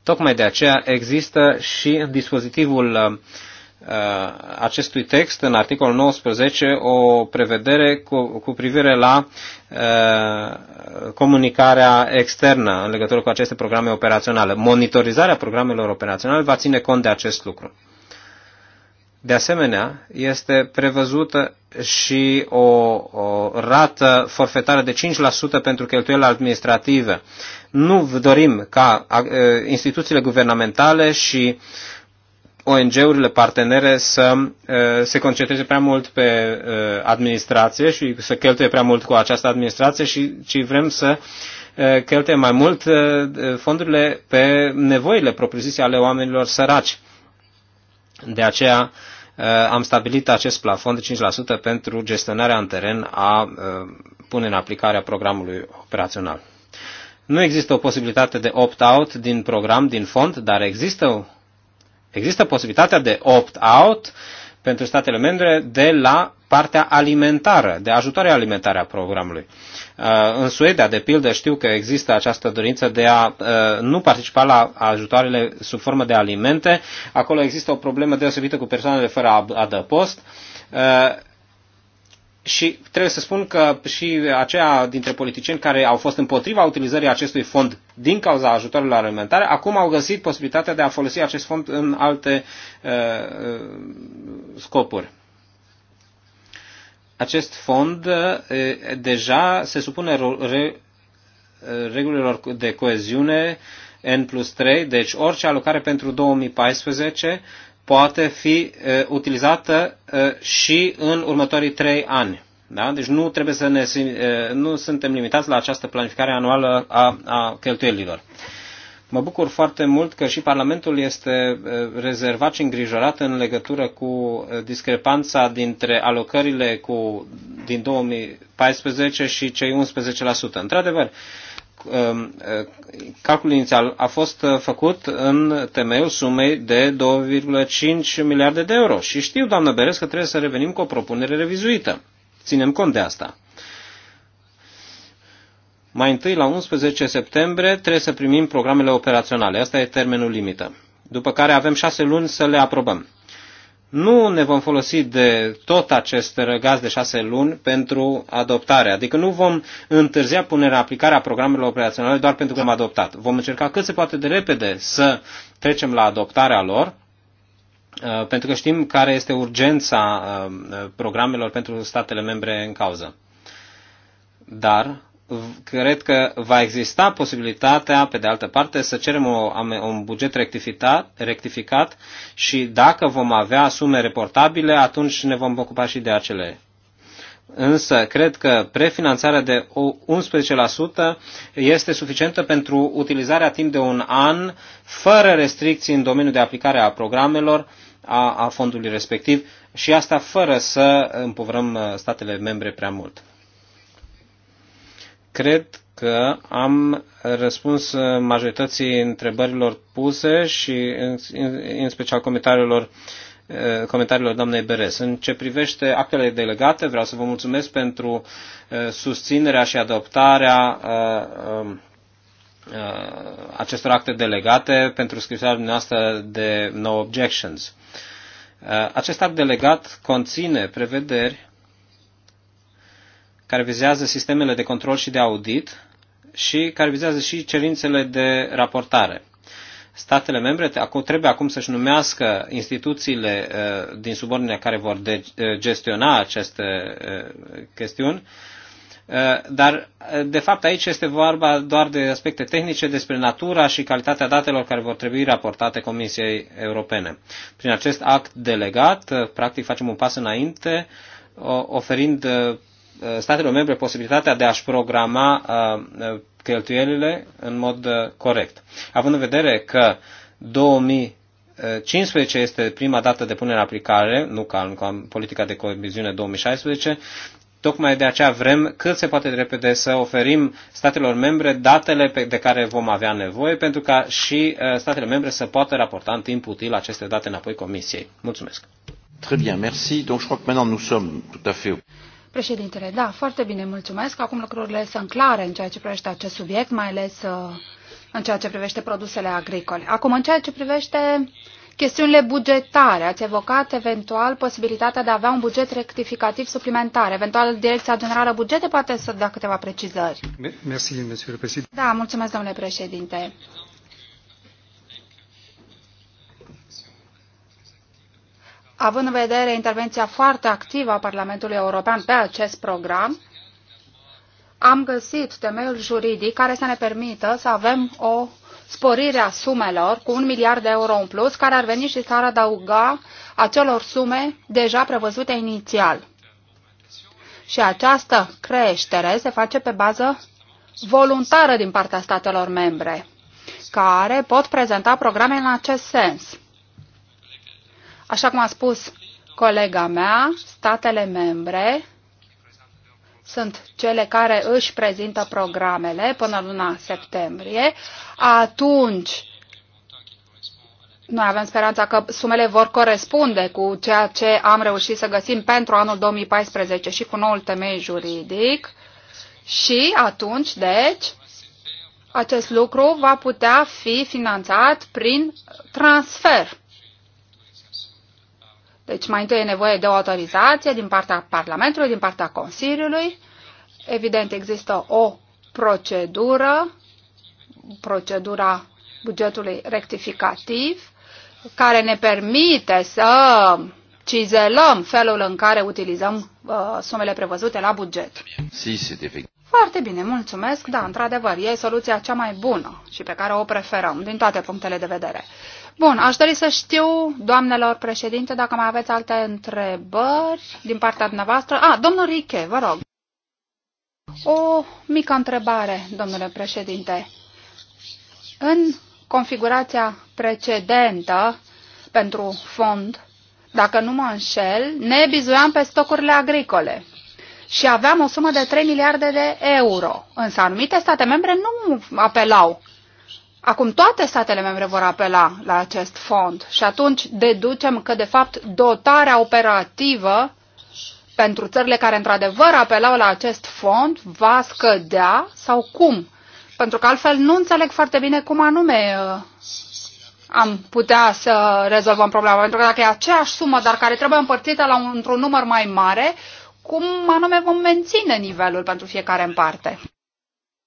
Tocmai de aceea există și în dispozitivul uh, Uh, acestui text, în articolul 19, o prevedere cu, cu privire la uh, comunicarea externă în legătură cu aceste programe operaționale. Monitorizarea programelor operaționale va ține cont de acest lucru. De asemenea, este prevăzută și o, o rată forfetară de 5% pentru cheltuielile administrative. Nu dorim ca uh, instituțiile guvernamentale și ONG-urile partenere să uh, se concentreze prea mult pe uh, administrație și să cheltuie prea mult cu această administrație, și, ci vrem să uh, cheltuie mai mult fondurile pe nevoile propriu-zise ale oamenilor săraci. De aceea am stabilit acest plafon de 5% pentru gestionarea în teren a pune în aplicare a programului operațional. Nu există o posibilitate de opt-out din program, din fond, dar există Există posibilitatea de opt-out pentru statele membre de la partea alimentară, de ajutoare alimentare a programului. Uh, în Suedia, de pildă, știu că există această dorință de a uh, nu participa la ajutoarele sub formă de alimente. Acolo există o problemă deosebită cu persoanele fără adăpost uh, și trebuie să spun că și aceia dintre politicieni care au fost împotriva utilizării acestui fond din cauza ajutorului alimentare, acum au găsit posibilitatea de a folosi acest fond în alte uh, uh scopuri. Acest fond uh, deja se supune re, uh, regulilor de coeziune N plus 3, deci orice alocare pentru 2014 poate fi uh, utilizată uh, și în următorii trei ani. Da? Deci nu, trebuie să ne, uh, nu suntem limitați la această planificare anuală a, a cheltuielilor. Mă bucur foarte mult că și Parlamentul este rezervat și îngrijorat în legătură cu discrepanța dintre alocările cu, din 2014 și cei 11%. Într-adevăr, Um, calculul inițial a fost uh, făcut în temeiul sumei de 2,5 miliarde de euro. Și știu, doamnă Beres, că trebuie să revenim cu o propunere revizuită. Ținem cont de asta. Mai întâi, la 11 septembrie, trebuie să primim programele operaționale. Asta e termenul limită. După care avem șase luni să le aprobăm nu ne vom folosi de tot acest răgaz de șase luni pentru adoptare. Adică nu vom întârzia punerea aplicarea programelor operaționale doar pentru că am adoptat. Vom încerca cât se poate de repede să trecem la adoptarea lor, uh, pentru că știm care este urgența uh, programelor pentru statele membre în cauză. Dar cred că va exista posibilitatea, pe de altă parte, să cerem o, un buget rectificat, rectificat și dacă vom avea sume reportabile, atunci ne vom ocupa și de acele. Însă, cred că prefinanțarea de 11% este suficientă pentru utilizarea timp de un an, fără restricții în domeniul de aplicare a programelor, a, a fondului respectiv și asta fără să împovrăm ă, statele membre prea mult. Cred că am răspuns majorității întrebărilor puse și în special comentariilor eh, comentariilor doamnei Beres. În ce privește actele delegate, vreau să vă mulțumesc pentru eh, susținerea și adoptarea eh, um, acestor acte delegate pentru scrisoarea dumneavoastră de no objections. Acest act delegat conține prevederi care vizează sistemele de control și de audit și care vizează și cerințele de raportare. Statele membre trebuie acum să-și numească instituțiile uh, din subordine care vor uh, gestiona aceste uh, chestiuni, dar de fapt aici este vorba doar de aspecte tehnice despre natura și calitatea datelor care vor trebui raportate Comisiei Europene. Prin acest act delegat, practic facem un pas înainte, oferind Uh, statelor membre posibilitatea de a-și programa uh, cheltuielile în mod uh, corect. Având în vedere că 2015 este prima dată de punere în aplicare, nu ca în politica de coeziune 2016, Tocmai de aceea vrem cât se poate de repede să oferim statelor membre datele pe, de care vom avea nevoie pentru ca și statele membre să poată raporta în timp util aceste date înapoi Comisiei. Mulțumesc! Très bien, merci. Donc je crois que maintenant nous sommes tout à fait... Președintele, da, foarte bine, mulțumesc. Acum lucrurile sunt clare în ceea ce privește acest subiect, mai ales uh, în ceea ce privește produsele agricole. Acum, în ceea ce privește chestiunile bugetare, ați evocat eventual posibilitatea de a avea un buget rectificativ suplimentar. Eventual, Direcția Generală Bugete poate să dea câteva precizări. președinte. Da, mulțumesc, domnule președinte. având în vedere intervenția foarte activă a Parlamentului European pe acest program, am găsit temeiul juridic care să ne permită să avem o sporire a sumelor cu un miliard de euro în plus, care ar veni și s-ar adăuga acelor sume deja prevăzute inițial. Și această creștere se face pe bază voluntară din partea statelor membre, care pot prezenta programe în acest sens. Așa cum a spus colega mea, statele membre sunt cele care își prezintă programele până luna septembrie. Atunci, noi avem speranța că sumele vor corespunde cu ceea ce am reușit să găsim pentru anul 2014 și cu noul temei juridic. Și atunci, deci, acest lucru va putea fi finanțat prin transfer deci mai întâi e nevoie de o autorizație din partea Parlamentului, din partea Consiliului. Evident, există o procedură, procedura bugetului rectificativ, care ne permite să cizelăm felul în care utilizăm uh, sumele prevăzute la buget. Foarte bine, mulțumesc. Da, într-adevăr, e soluția cea mai bună și pe care o preferăm din toate punctele de vedere. Bun, aș dori să știu, doamnelor președinte, dacă mai aveți alte întrebări din partea dumneavoastră. A, ah, domnul Riche, vă rog. O mică întrebare, domnule președinte. În configurația precedentă pentru fond, dacă nu mă înșel, ne bizuiam pe stocurile agricole și aveam o sumă de 3 miliarde de euro. Însă anumite state membre nu apelau Acum toate statele membre vor apela la acest fond și atunci deducem că, de fapt, dotarea operativă pentru țările care într-adevăr apelau la acest fond va scădea sau cum? Pentru că altfel nu înțeleg foarte bine cum anume uh, am putea să rezolvăm problema. Pentru că dacă e aceeași sumă, dar care trebuie împărțită la un, într-un număr mai mare, cum anume vom menține nivelul pentru fiecare în parte?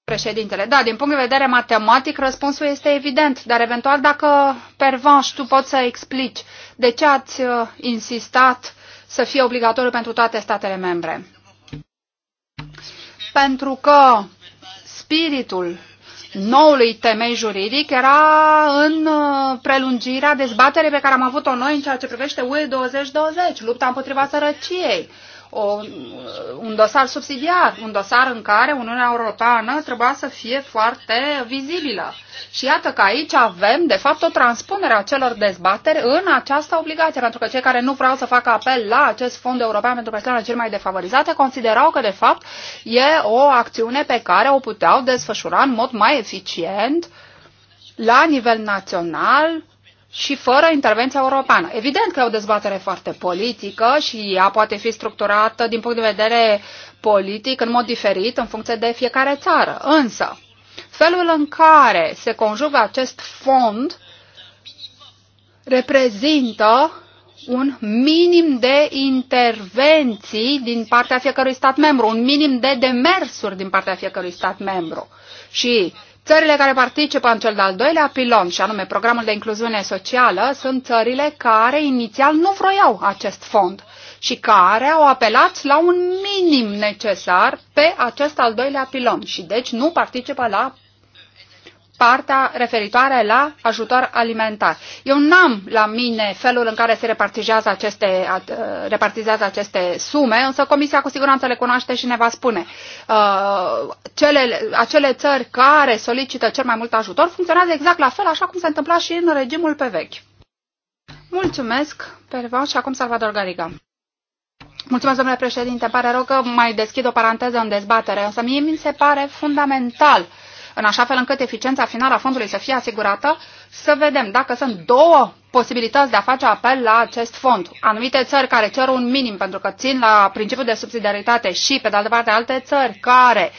Președintele, da, din punct de vedere matematic răspunsul este evident, dar eventual dacă, Pervanș, tu poți să explici de ce ați uh, insistat să fie obligatoriu pentru toate statele membre. Pentru că spiritul noului temei juridic era în uh, prelungirea dezbaterii pe care am avut-o noi în ceea ce privește UE 2020, lupta împotriva sărăciei o, un dosar subsidiar, un dosar în care Uniunea Europeană trebuia să fie foarte vizibilă. Și iată că aici avem, de fapt, o transpunere a celor dezbateri în această obligație, pentru că cei care nu vreau să facă apel la acest fond european pentru persoanele cel mai defavorizate considerau că, de fapt, e o acțiune pe care o puteau desfășura în mod mai eficient la nivel național, și fără intervenția europeană. Evident că e o dezbatere foarte politică și ea poate fi structurată din punct de vedere politic în mod diferit în funcție de fiecare țară. Însă, felul în care se conjugă acest fond reprezintă un minim de intervenții din partea fiecărui stat membru, un minim de demersuri din partea fiecărui stat membru. Și uh, Țările care participă în cel de-al doilea pilon, și anume programul de incluziune socială, sunt țările care inițial nu vroiau acest fond și care au apelat la un minim necesar pe acest al doilea pilon și deci nu participă la partea referitoare la ajutor alimentar. Eu n-am la mine felul în care se repartizează aceste, uh, repartizează aceste sume, însă Comisia cu siguranță le cunoaște și ne va spune. Uh, cele, acele țări care solicită cel mai mult ajutor funcționează exact la fel așa cum se întâmpla și în regimul pe vechi. Mulțumesc, Perva, și acum Salvador Gariga. Mulțumesc, domnule președinte. Pare rău că mai deschid o paranteză în dezbatere, însă mie mi se pare fundamental uh, în așa fel încât eficiența finală a fondului să fie asigurată, să vedem dacă sunt două posibilități de a face apel la acest fond. Anumite țări care cer un minim pentru că țin la principiul de subsidiaritate și, pe de altă parte, alte țări care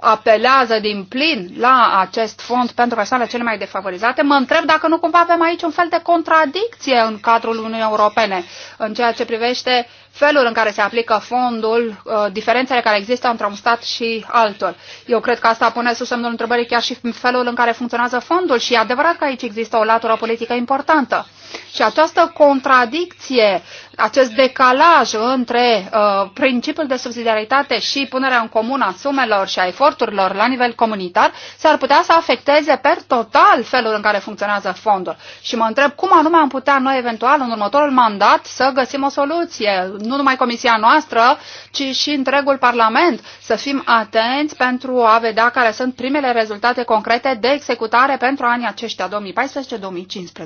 apelează din plin la acest fond pentru persoanele cele mai defavorizate, mă întreb dacă nu cumva avem aici un fel de contradicție în cadrul Uniunii Europene în ceea ce privește uh, felul în care se aplică fondul, uh, diferențele care există între un stat și altul. Eu cred că asta pune sub semnul întrebării chiar și felul în care funcționează fondul și e adevărat că aici există o latură politică importantă. Și această contradicție, acest decalaj între uh, principiul de subsidiaritate și punerea în comun a sumelor și a eforturilor la nivel comunitar, s-ar putea să afecteze per total felul în care funcționează fondul. Și mă întreb cum anume am putea noi eventual în următorul mandat să găsim o soluție nu numai comisia noastră, ci și întregul Parlament, să fim atenți pentru a vedea care sunt primele rezultate concrete de executare pentru anii aceștia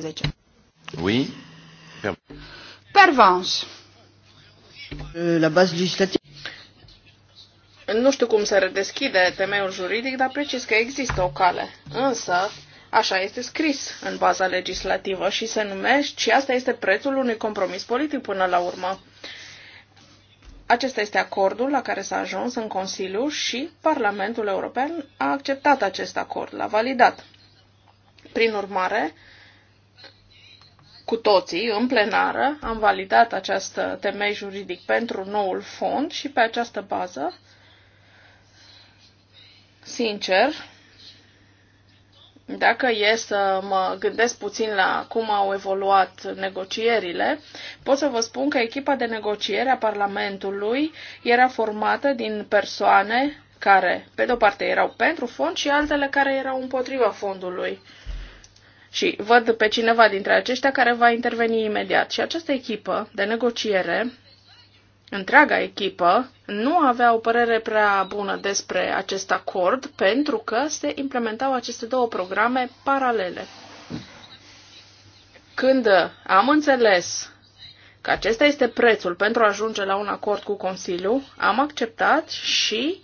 2014-2015. Oui. Pervanș. Euh, la bază legislativă. Nu știu cum se redeschide temeiul juridic, dar precis că există o cale. Însă, Așa este scris în baza legislativă și se numește și asta este prețul unui compromis politic până la urmă. Acesta este acordul la care s-a ajuns în Consiliu și Parlamentul European a acceptat acest acord, l-a validat. Prin urmare, cu toții, în plenară, am validat acest temei juridic pentru noul fond și pe această bază, sincer, dacă e să mă gândesc puțin la cum au evoluat negocierile, pot să vă spun că echipa de negociere a Parlamentului era formată din persoane care, pe de-o parte, erau pentru fond și altele care erau împotriva fondului. Și văd pe cineva dintre aceștia care va interveni imediat. Și această echipă de negociere întreaga echipă nu avea o părere prea bună despre acest acord pentru că se implementau aceste două programe paralele. Când am înțeles că acesta este prețul pentru a ajunge la un acord cu Consiliu, am acceptat și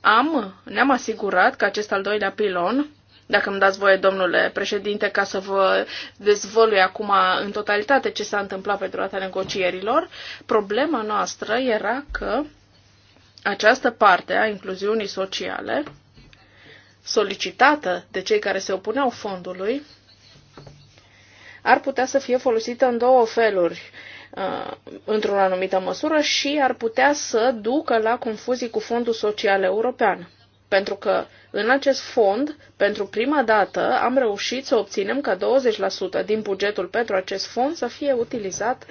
am, ne-am asigurat că acest al doilea pilon dacă îmi dați voie, domnule președinte, ca să vă dezvălui acum în totalitate ce s-a întâmplat pe durata negocierilor, problema noastră era că această parte a incluziunii sociale, solicitată de cei care se opuneau fondului, ar putea să fie folosită în două feluri uh, într-o anumită măsură și ar putea să ducă la confuzii cu Fondul Social European. Pentru că în acest fond, pentru prima dată, am reușit să obținem ca 20% din bugetul pentru acest fond să fie utilizat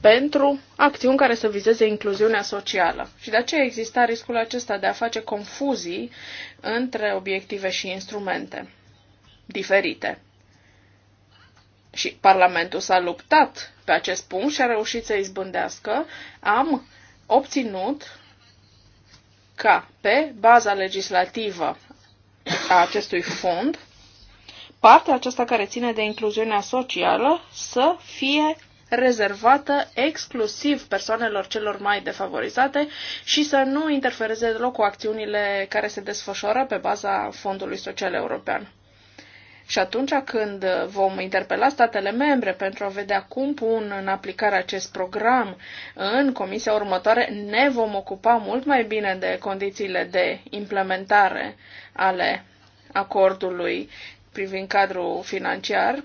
pentru acțiuni care să vizeze incluziunea socială. Și de aceea exista riscul acesta de a face confuzii între obiective și instrumente diferite. Și Parlamentul s-a luptat pe acest punct și a reușit să izbândească. Am obținut ca pe baza legislativă a acestui fond, partea aceasta care ține de incluziunea socială să fie rezervată exclusiv persoanelor celor mai defavorizate și să nu interfereze deloc cu acțiunile care se desfășoară pe baza Fondului Social European. Și atunci când uh, vom interpela statele membre pentru a vedea cum pun în aplicare acest program în comisia următoare, ne vom ocupa mult mai bine de condițiile de implementare ale acordului privind cadrul financiar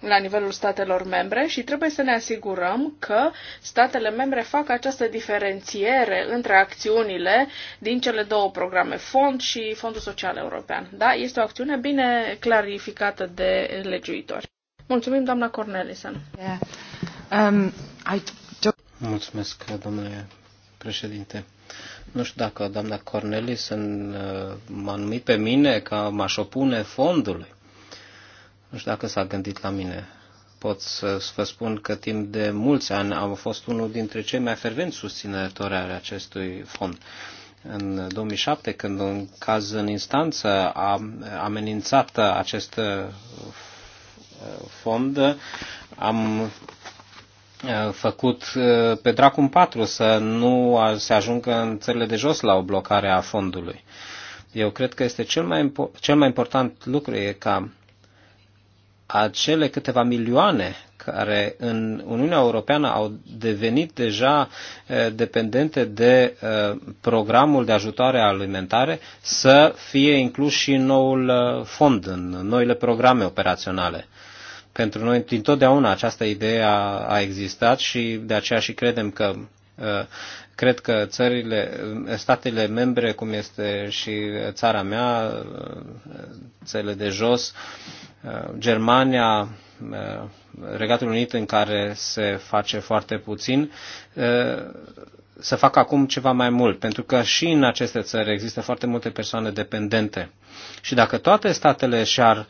la nivelul statelor membre și trebuie să ne asigurăm că statele membre fac această diferențiere între acțiunile din cele două programe, fond și Fondul Social European. Da, este o acțiune bine clarificată de legiuitori. Mulțumim, doamna Cornelison. Yeah. Um, I Mulțumesc, domnule președinte. Nu știu dacă doamna Cornelison uh, m-a numit pe mine ca m-aș opune fondului. Nu știu dacă s-a gândit la mine. Pot să vă spun că timp de mulți ani am fost unul dintre cei mai fervenți susținători ale acestui fond. În 2007, când un caz în instanță a amenințat acest uh, fond, am uh, făcut uh, pe Dracum 4 să nu se ajungă în țările de jos la o blocare a fondului. Eu cred că este cel mai, cel mai important lucru e ca acele câteva milioane care în Uniunea Europeană au devenit deja eh, dependente de eh, programul de ajutoare alimentare să fie inclus și în noul eh, fond, în noile programe operaționale. Pentru noi, totdeauna, această idee a, a existat și de aceea și credem că cred că țările, statele membre, cum este și țara mea, țările de jos, Uh, Germania, uh, Regatul Unit în care se face foarte puțin, uh, să facă acum ceva mai mult, pentru că și în aceste țări există foarte multe persoane dependente. Și dacă toate statele și-ar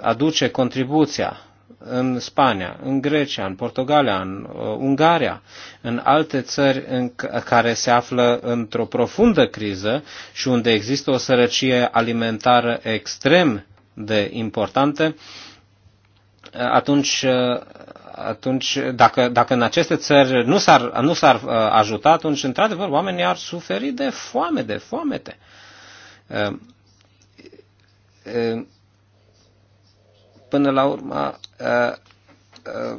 aduce contribuția în Spania, în Grecia, în Portugalia, în Ungaria, în alte țări în care se află într-o profundă criză și unde există o sărăcie alimentară extrem de importante, atunci, atunci dacă, dacă în aceste țări nu s-ar, nu s-ar uh, ajuta, atunci, într-adevăr, oamenii ar suferi de foame, de foamete. Uh, uh, până la urmă, Uh,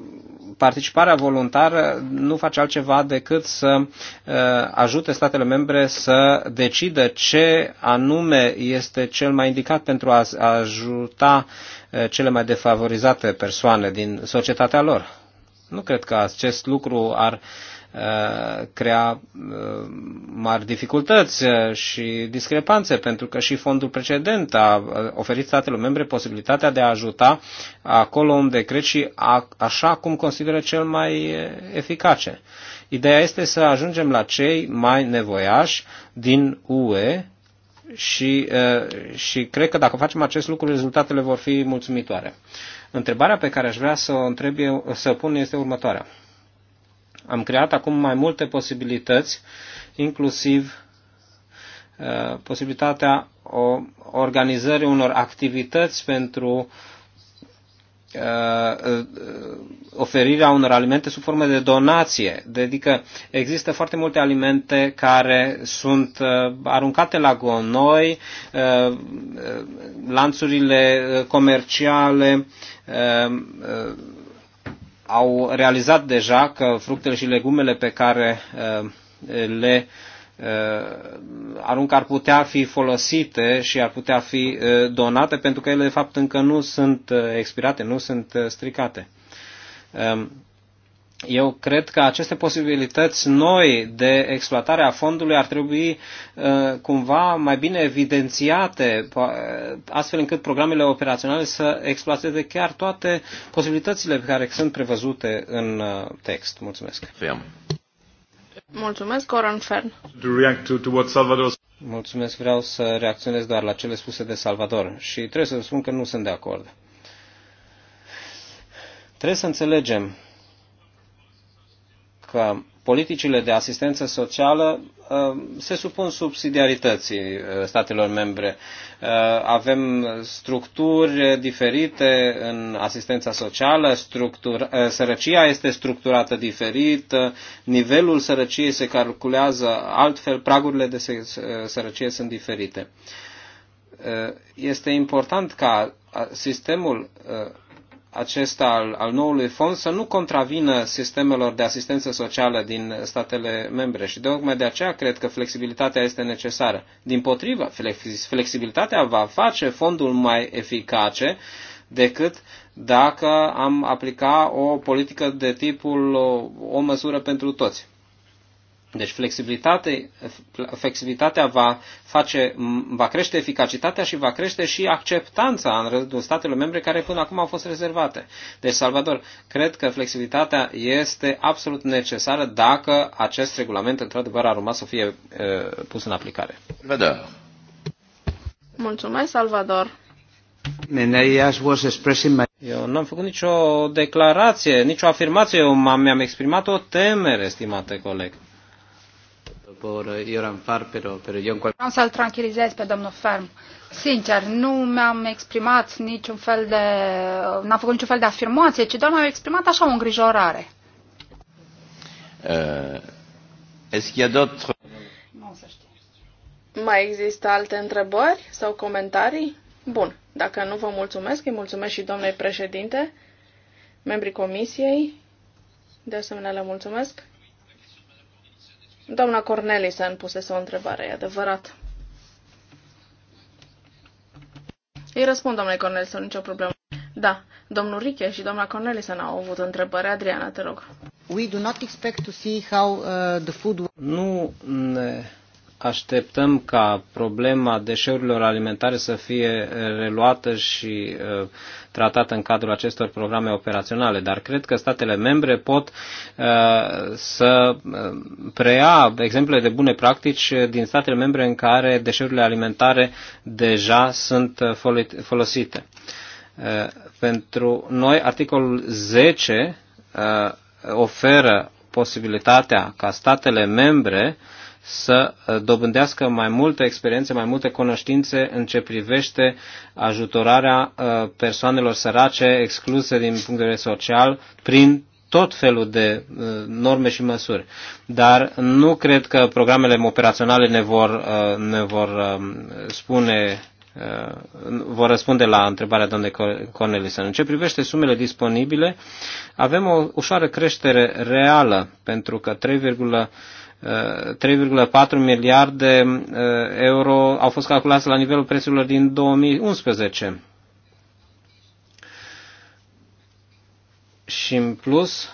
participarea voluntară nu face altceva decât să uh, ajute statele membre să decidă ce anume este cel mai indicat pentru a ajuta uh, cele mai defavorizate persoane din societatea lor. Nu cred că acest lucru ar uh, crea uh, mari dificultăți uh, și discrepanțe, pentru că și fondul precedent a uh, oferit statelor membre posibilitatea de a ajuta acolo unde cred și a, așa cum consideră cel mai eficace. Ideea este să ajungem la cei mai nevoiași din UE și, și cred că dacă facem acest lucru, rezultatele vor fi mulțumitoare. Întrebarea pe care aș vrea să o întreb, să o pun este următoarea. Am creat acum mai multe posibilități, inclusiv uh, posibilitatea organizării unor activități pentru uh, uh, oferirea unor alimente sub formă de donație. Adică există foarte multe alimente care sunt aruncate la gonoi, lanțurile comerciale, au realizat deja că fructele și legumele pe care uh, le uh, arunc ar putea fi folosite și ar putea fi uh, donate pentru că ele de fapt încă nu sunt expirate, nu sunt stricate. Um, eu cred că aceste posibilități noi de exploatare a fondului ar trebui uh, cumva mai bine evidențiate, astfel încât programele operaționale să exploateze chiar toate posibilitățile care sunt prevăzute în uh, text. Mulțumesc. Fiam. Mulțumesc, Coran Fern. Mulțumesc, vreau să reacționez doar la cele spuse de Salvador și trebuie să spun că nu sunt de acord. Trebuie să înțelegem că politicile de asistență socială uh, se supun subsidiarității uh, statelor membre. Uh, avem structuri diferite în asistența socială, structur, sărăcia este structurată diferit, nivelul sărăciei se calculează altfel, pragurile de sărăcie sunt diferite. Este important ca sistemul acesta al, al noului fond să nu contravină sistemelor de asistență socială din statele membre și tocmai de, de aceea cred că flexibilitatea este necesară. Din potrivă, flexibilitatea va face fondul mai eficace decât dacă am aplica o politică de tipul o, o măsură pentru toți. Deci flexibilitate, flexibilitatea va, face, va crește eficacitatea și va crește și acceptanța în rândul statelor membre care până acum au fost rezervate. Deci, Salvador, cred că flexibilitatea este absolut necesară dacă acest regulament într-adevăr ar urma să fie e, pus în aplicare. Salvador. Mulțumesc, Salvador. Eu n-am făcut nicio declarație, nicio afirmație, eu mi-am exprimat o temere, stimate coleg por Ioran Farm, pero, pero eu în Vreau să-l tranquilizez pe domnul Ferm. Sincer, nu mi-am exprimat niciun fel de... n-am făcut niciun fel de afirmație, ci doar mi-am exprimat așa o îngrijorare. Uh, est-ce qu'il y a d'autres... Mai există alte întrebări sau comentarii? Bun. Dacă nu vă mulțumesc, îi mulțumesc și domnului președinte, membrii comisiei. De asemenea, le mulțumesc. Doamna Cornelisen pusese o întrebare, e adevărat. Îi răspund, domnule Cornelison, nicio problemă. Da, domnul Riche și doamna Cornelisen au avut întrebări. Adriana, te rog. We do not expect to see how uh, the food... Nu ne așteptăm ca problema deșeurilor alimentare să fie eh, reluată și eh, tratată în cadrul acestor programe operaționale, dar cred că statele membre pot eh, să preia exemple de bune practici din statele membre în care deșeurile alimentare deja sunt folosite. Pentru noi, articolul 10 oferă posibilitatea ca statele membre uh, să uh, dobândească mai multă experiență, mai multe cunoștințe în ce privește ajutorarea uh, persoanelor sărace, excluse din punct de vedere social, prin tot felul de uh, norme și măsuri. Dar nu cred că programele operaționale ne vor, ne vor um, spune vor răspunde la întrebarea doamnei Cornelison. În ce privește sumele disponibile, avem o ușoară creștere reală, pentru că 3, 3,4 miliarde uh, euro au fost calculați la nivelul prețurilor din 2011. Și în plus,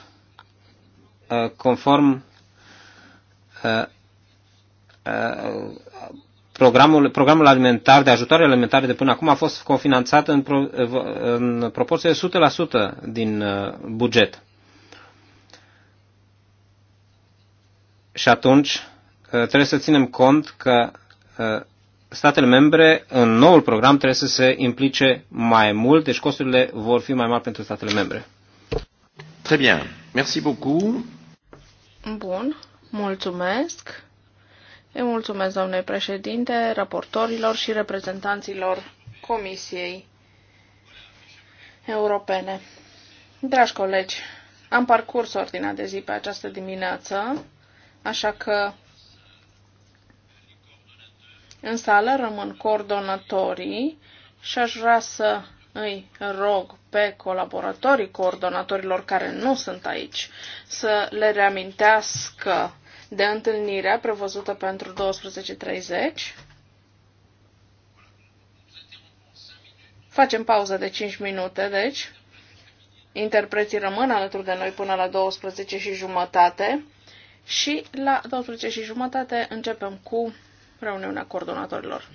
uh, conform uh, programul, programul alimentar de ajutoare alimentare de până acum a fost cofinanțat în, pro, în proporție de 100% din buget. Și atunci uh, trebuie să ținem cont că uh, statele membre în noul program trebuie să se implice mai mult, deci costurile vor fi mai mari pentru statele membre. Très bien. Merci beaucoup. Bun, mulțumesc. Eu mulțumesc, doamnei președinte, raportorilor și reprezentanților Comisiei Europene. Dragi colegi, am parcurs ordinea de zi pe această dimineață. Așa că în sală rămân coordonatorii și aș vrea să îi rog pe colaboratorii coordonatorilor care nu sunt aici să le reamintească de întâlnirea prevăzută pentru 12.30. Facem pauză de 5 minute, deci. Interpreții rămân alături de noi până la 12 și jumătate și la 12 și jumătate începem cu reuniunea coordonatorilor.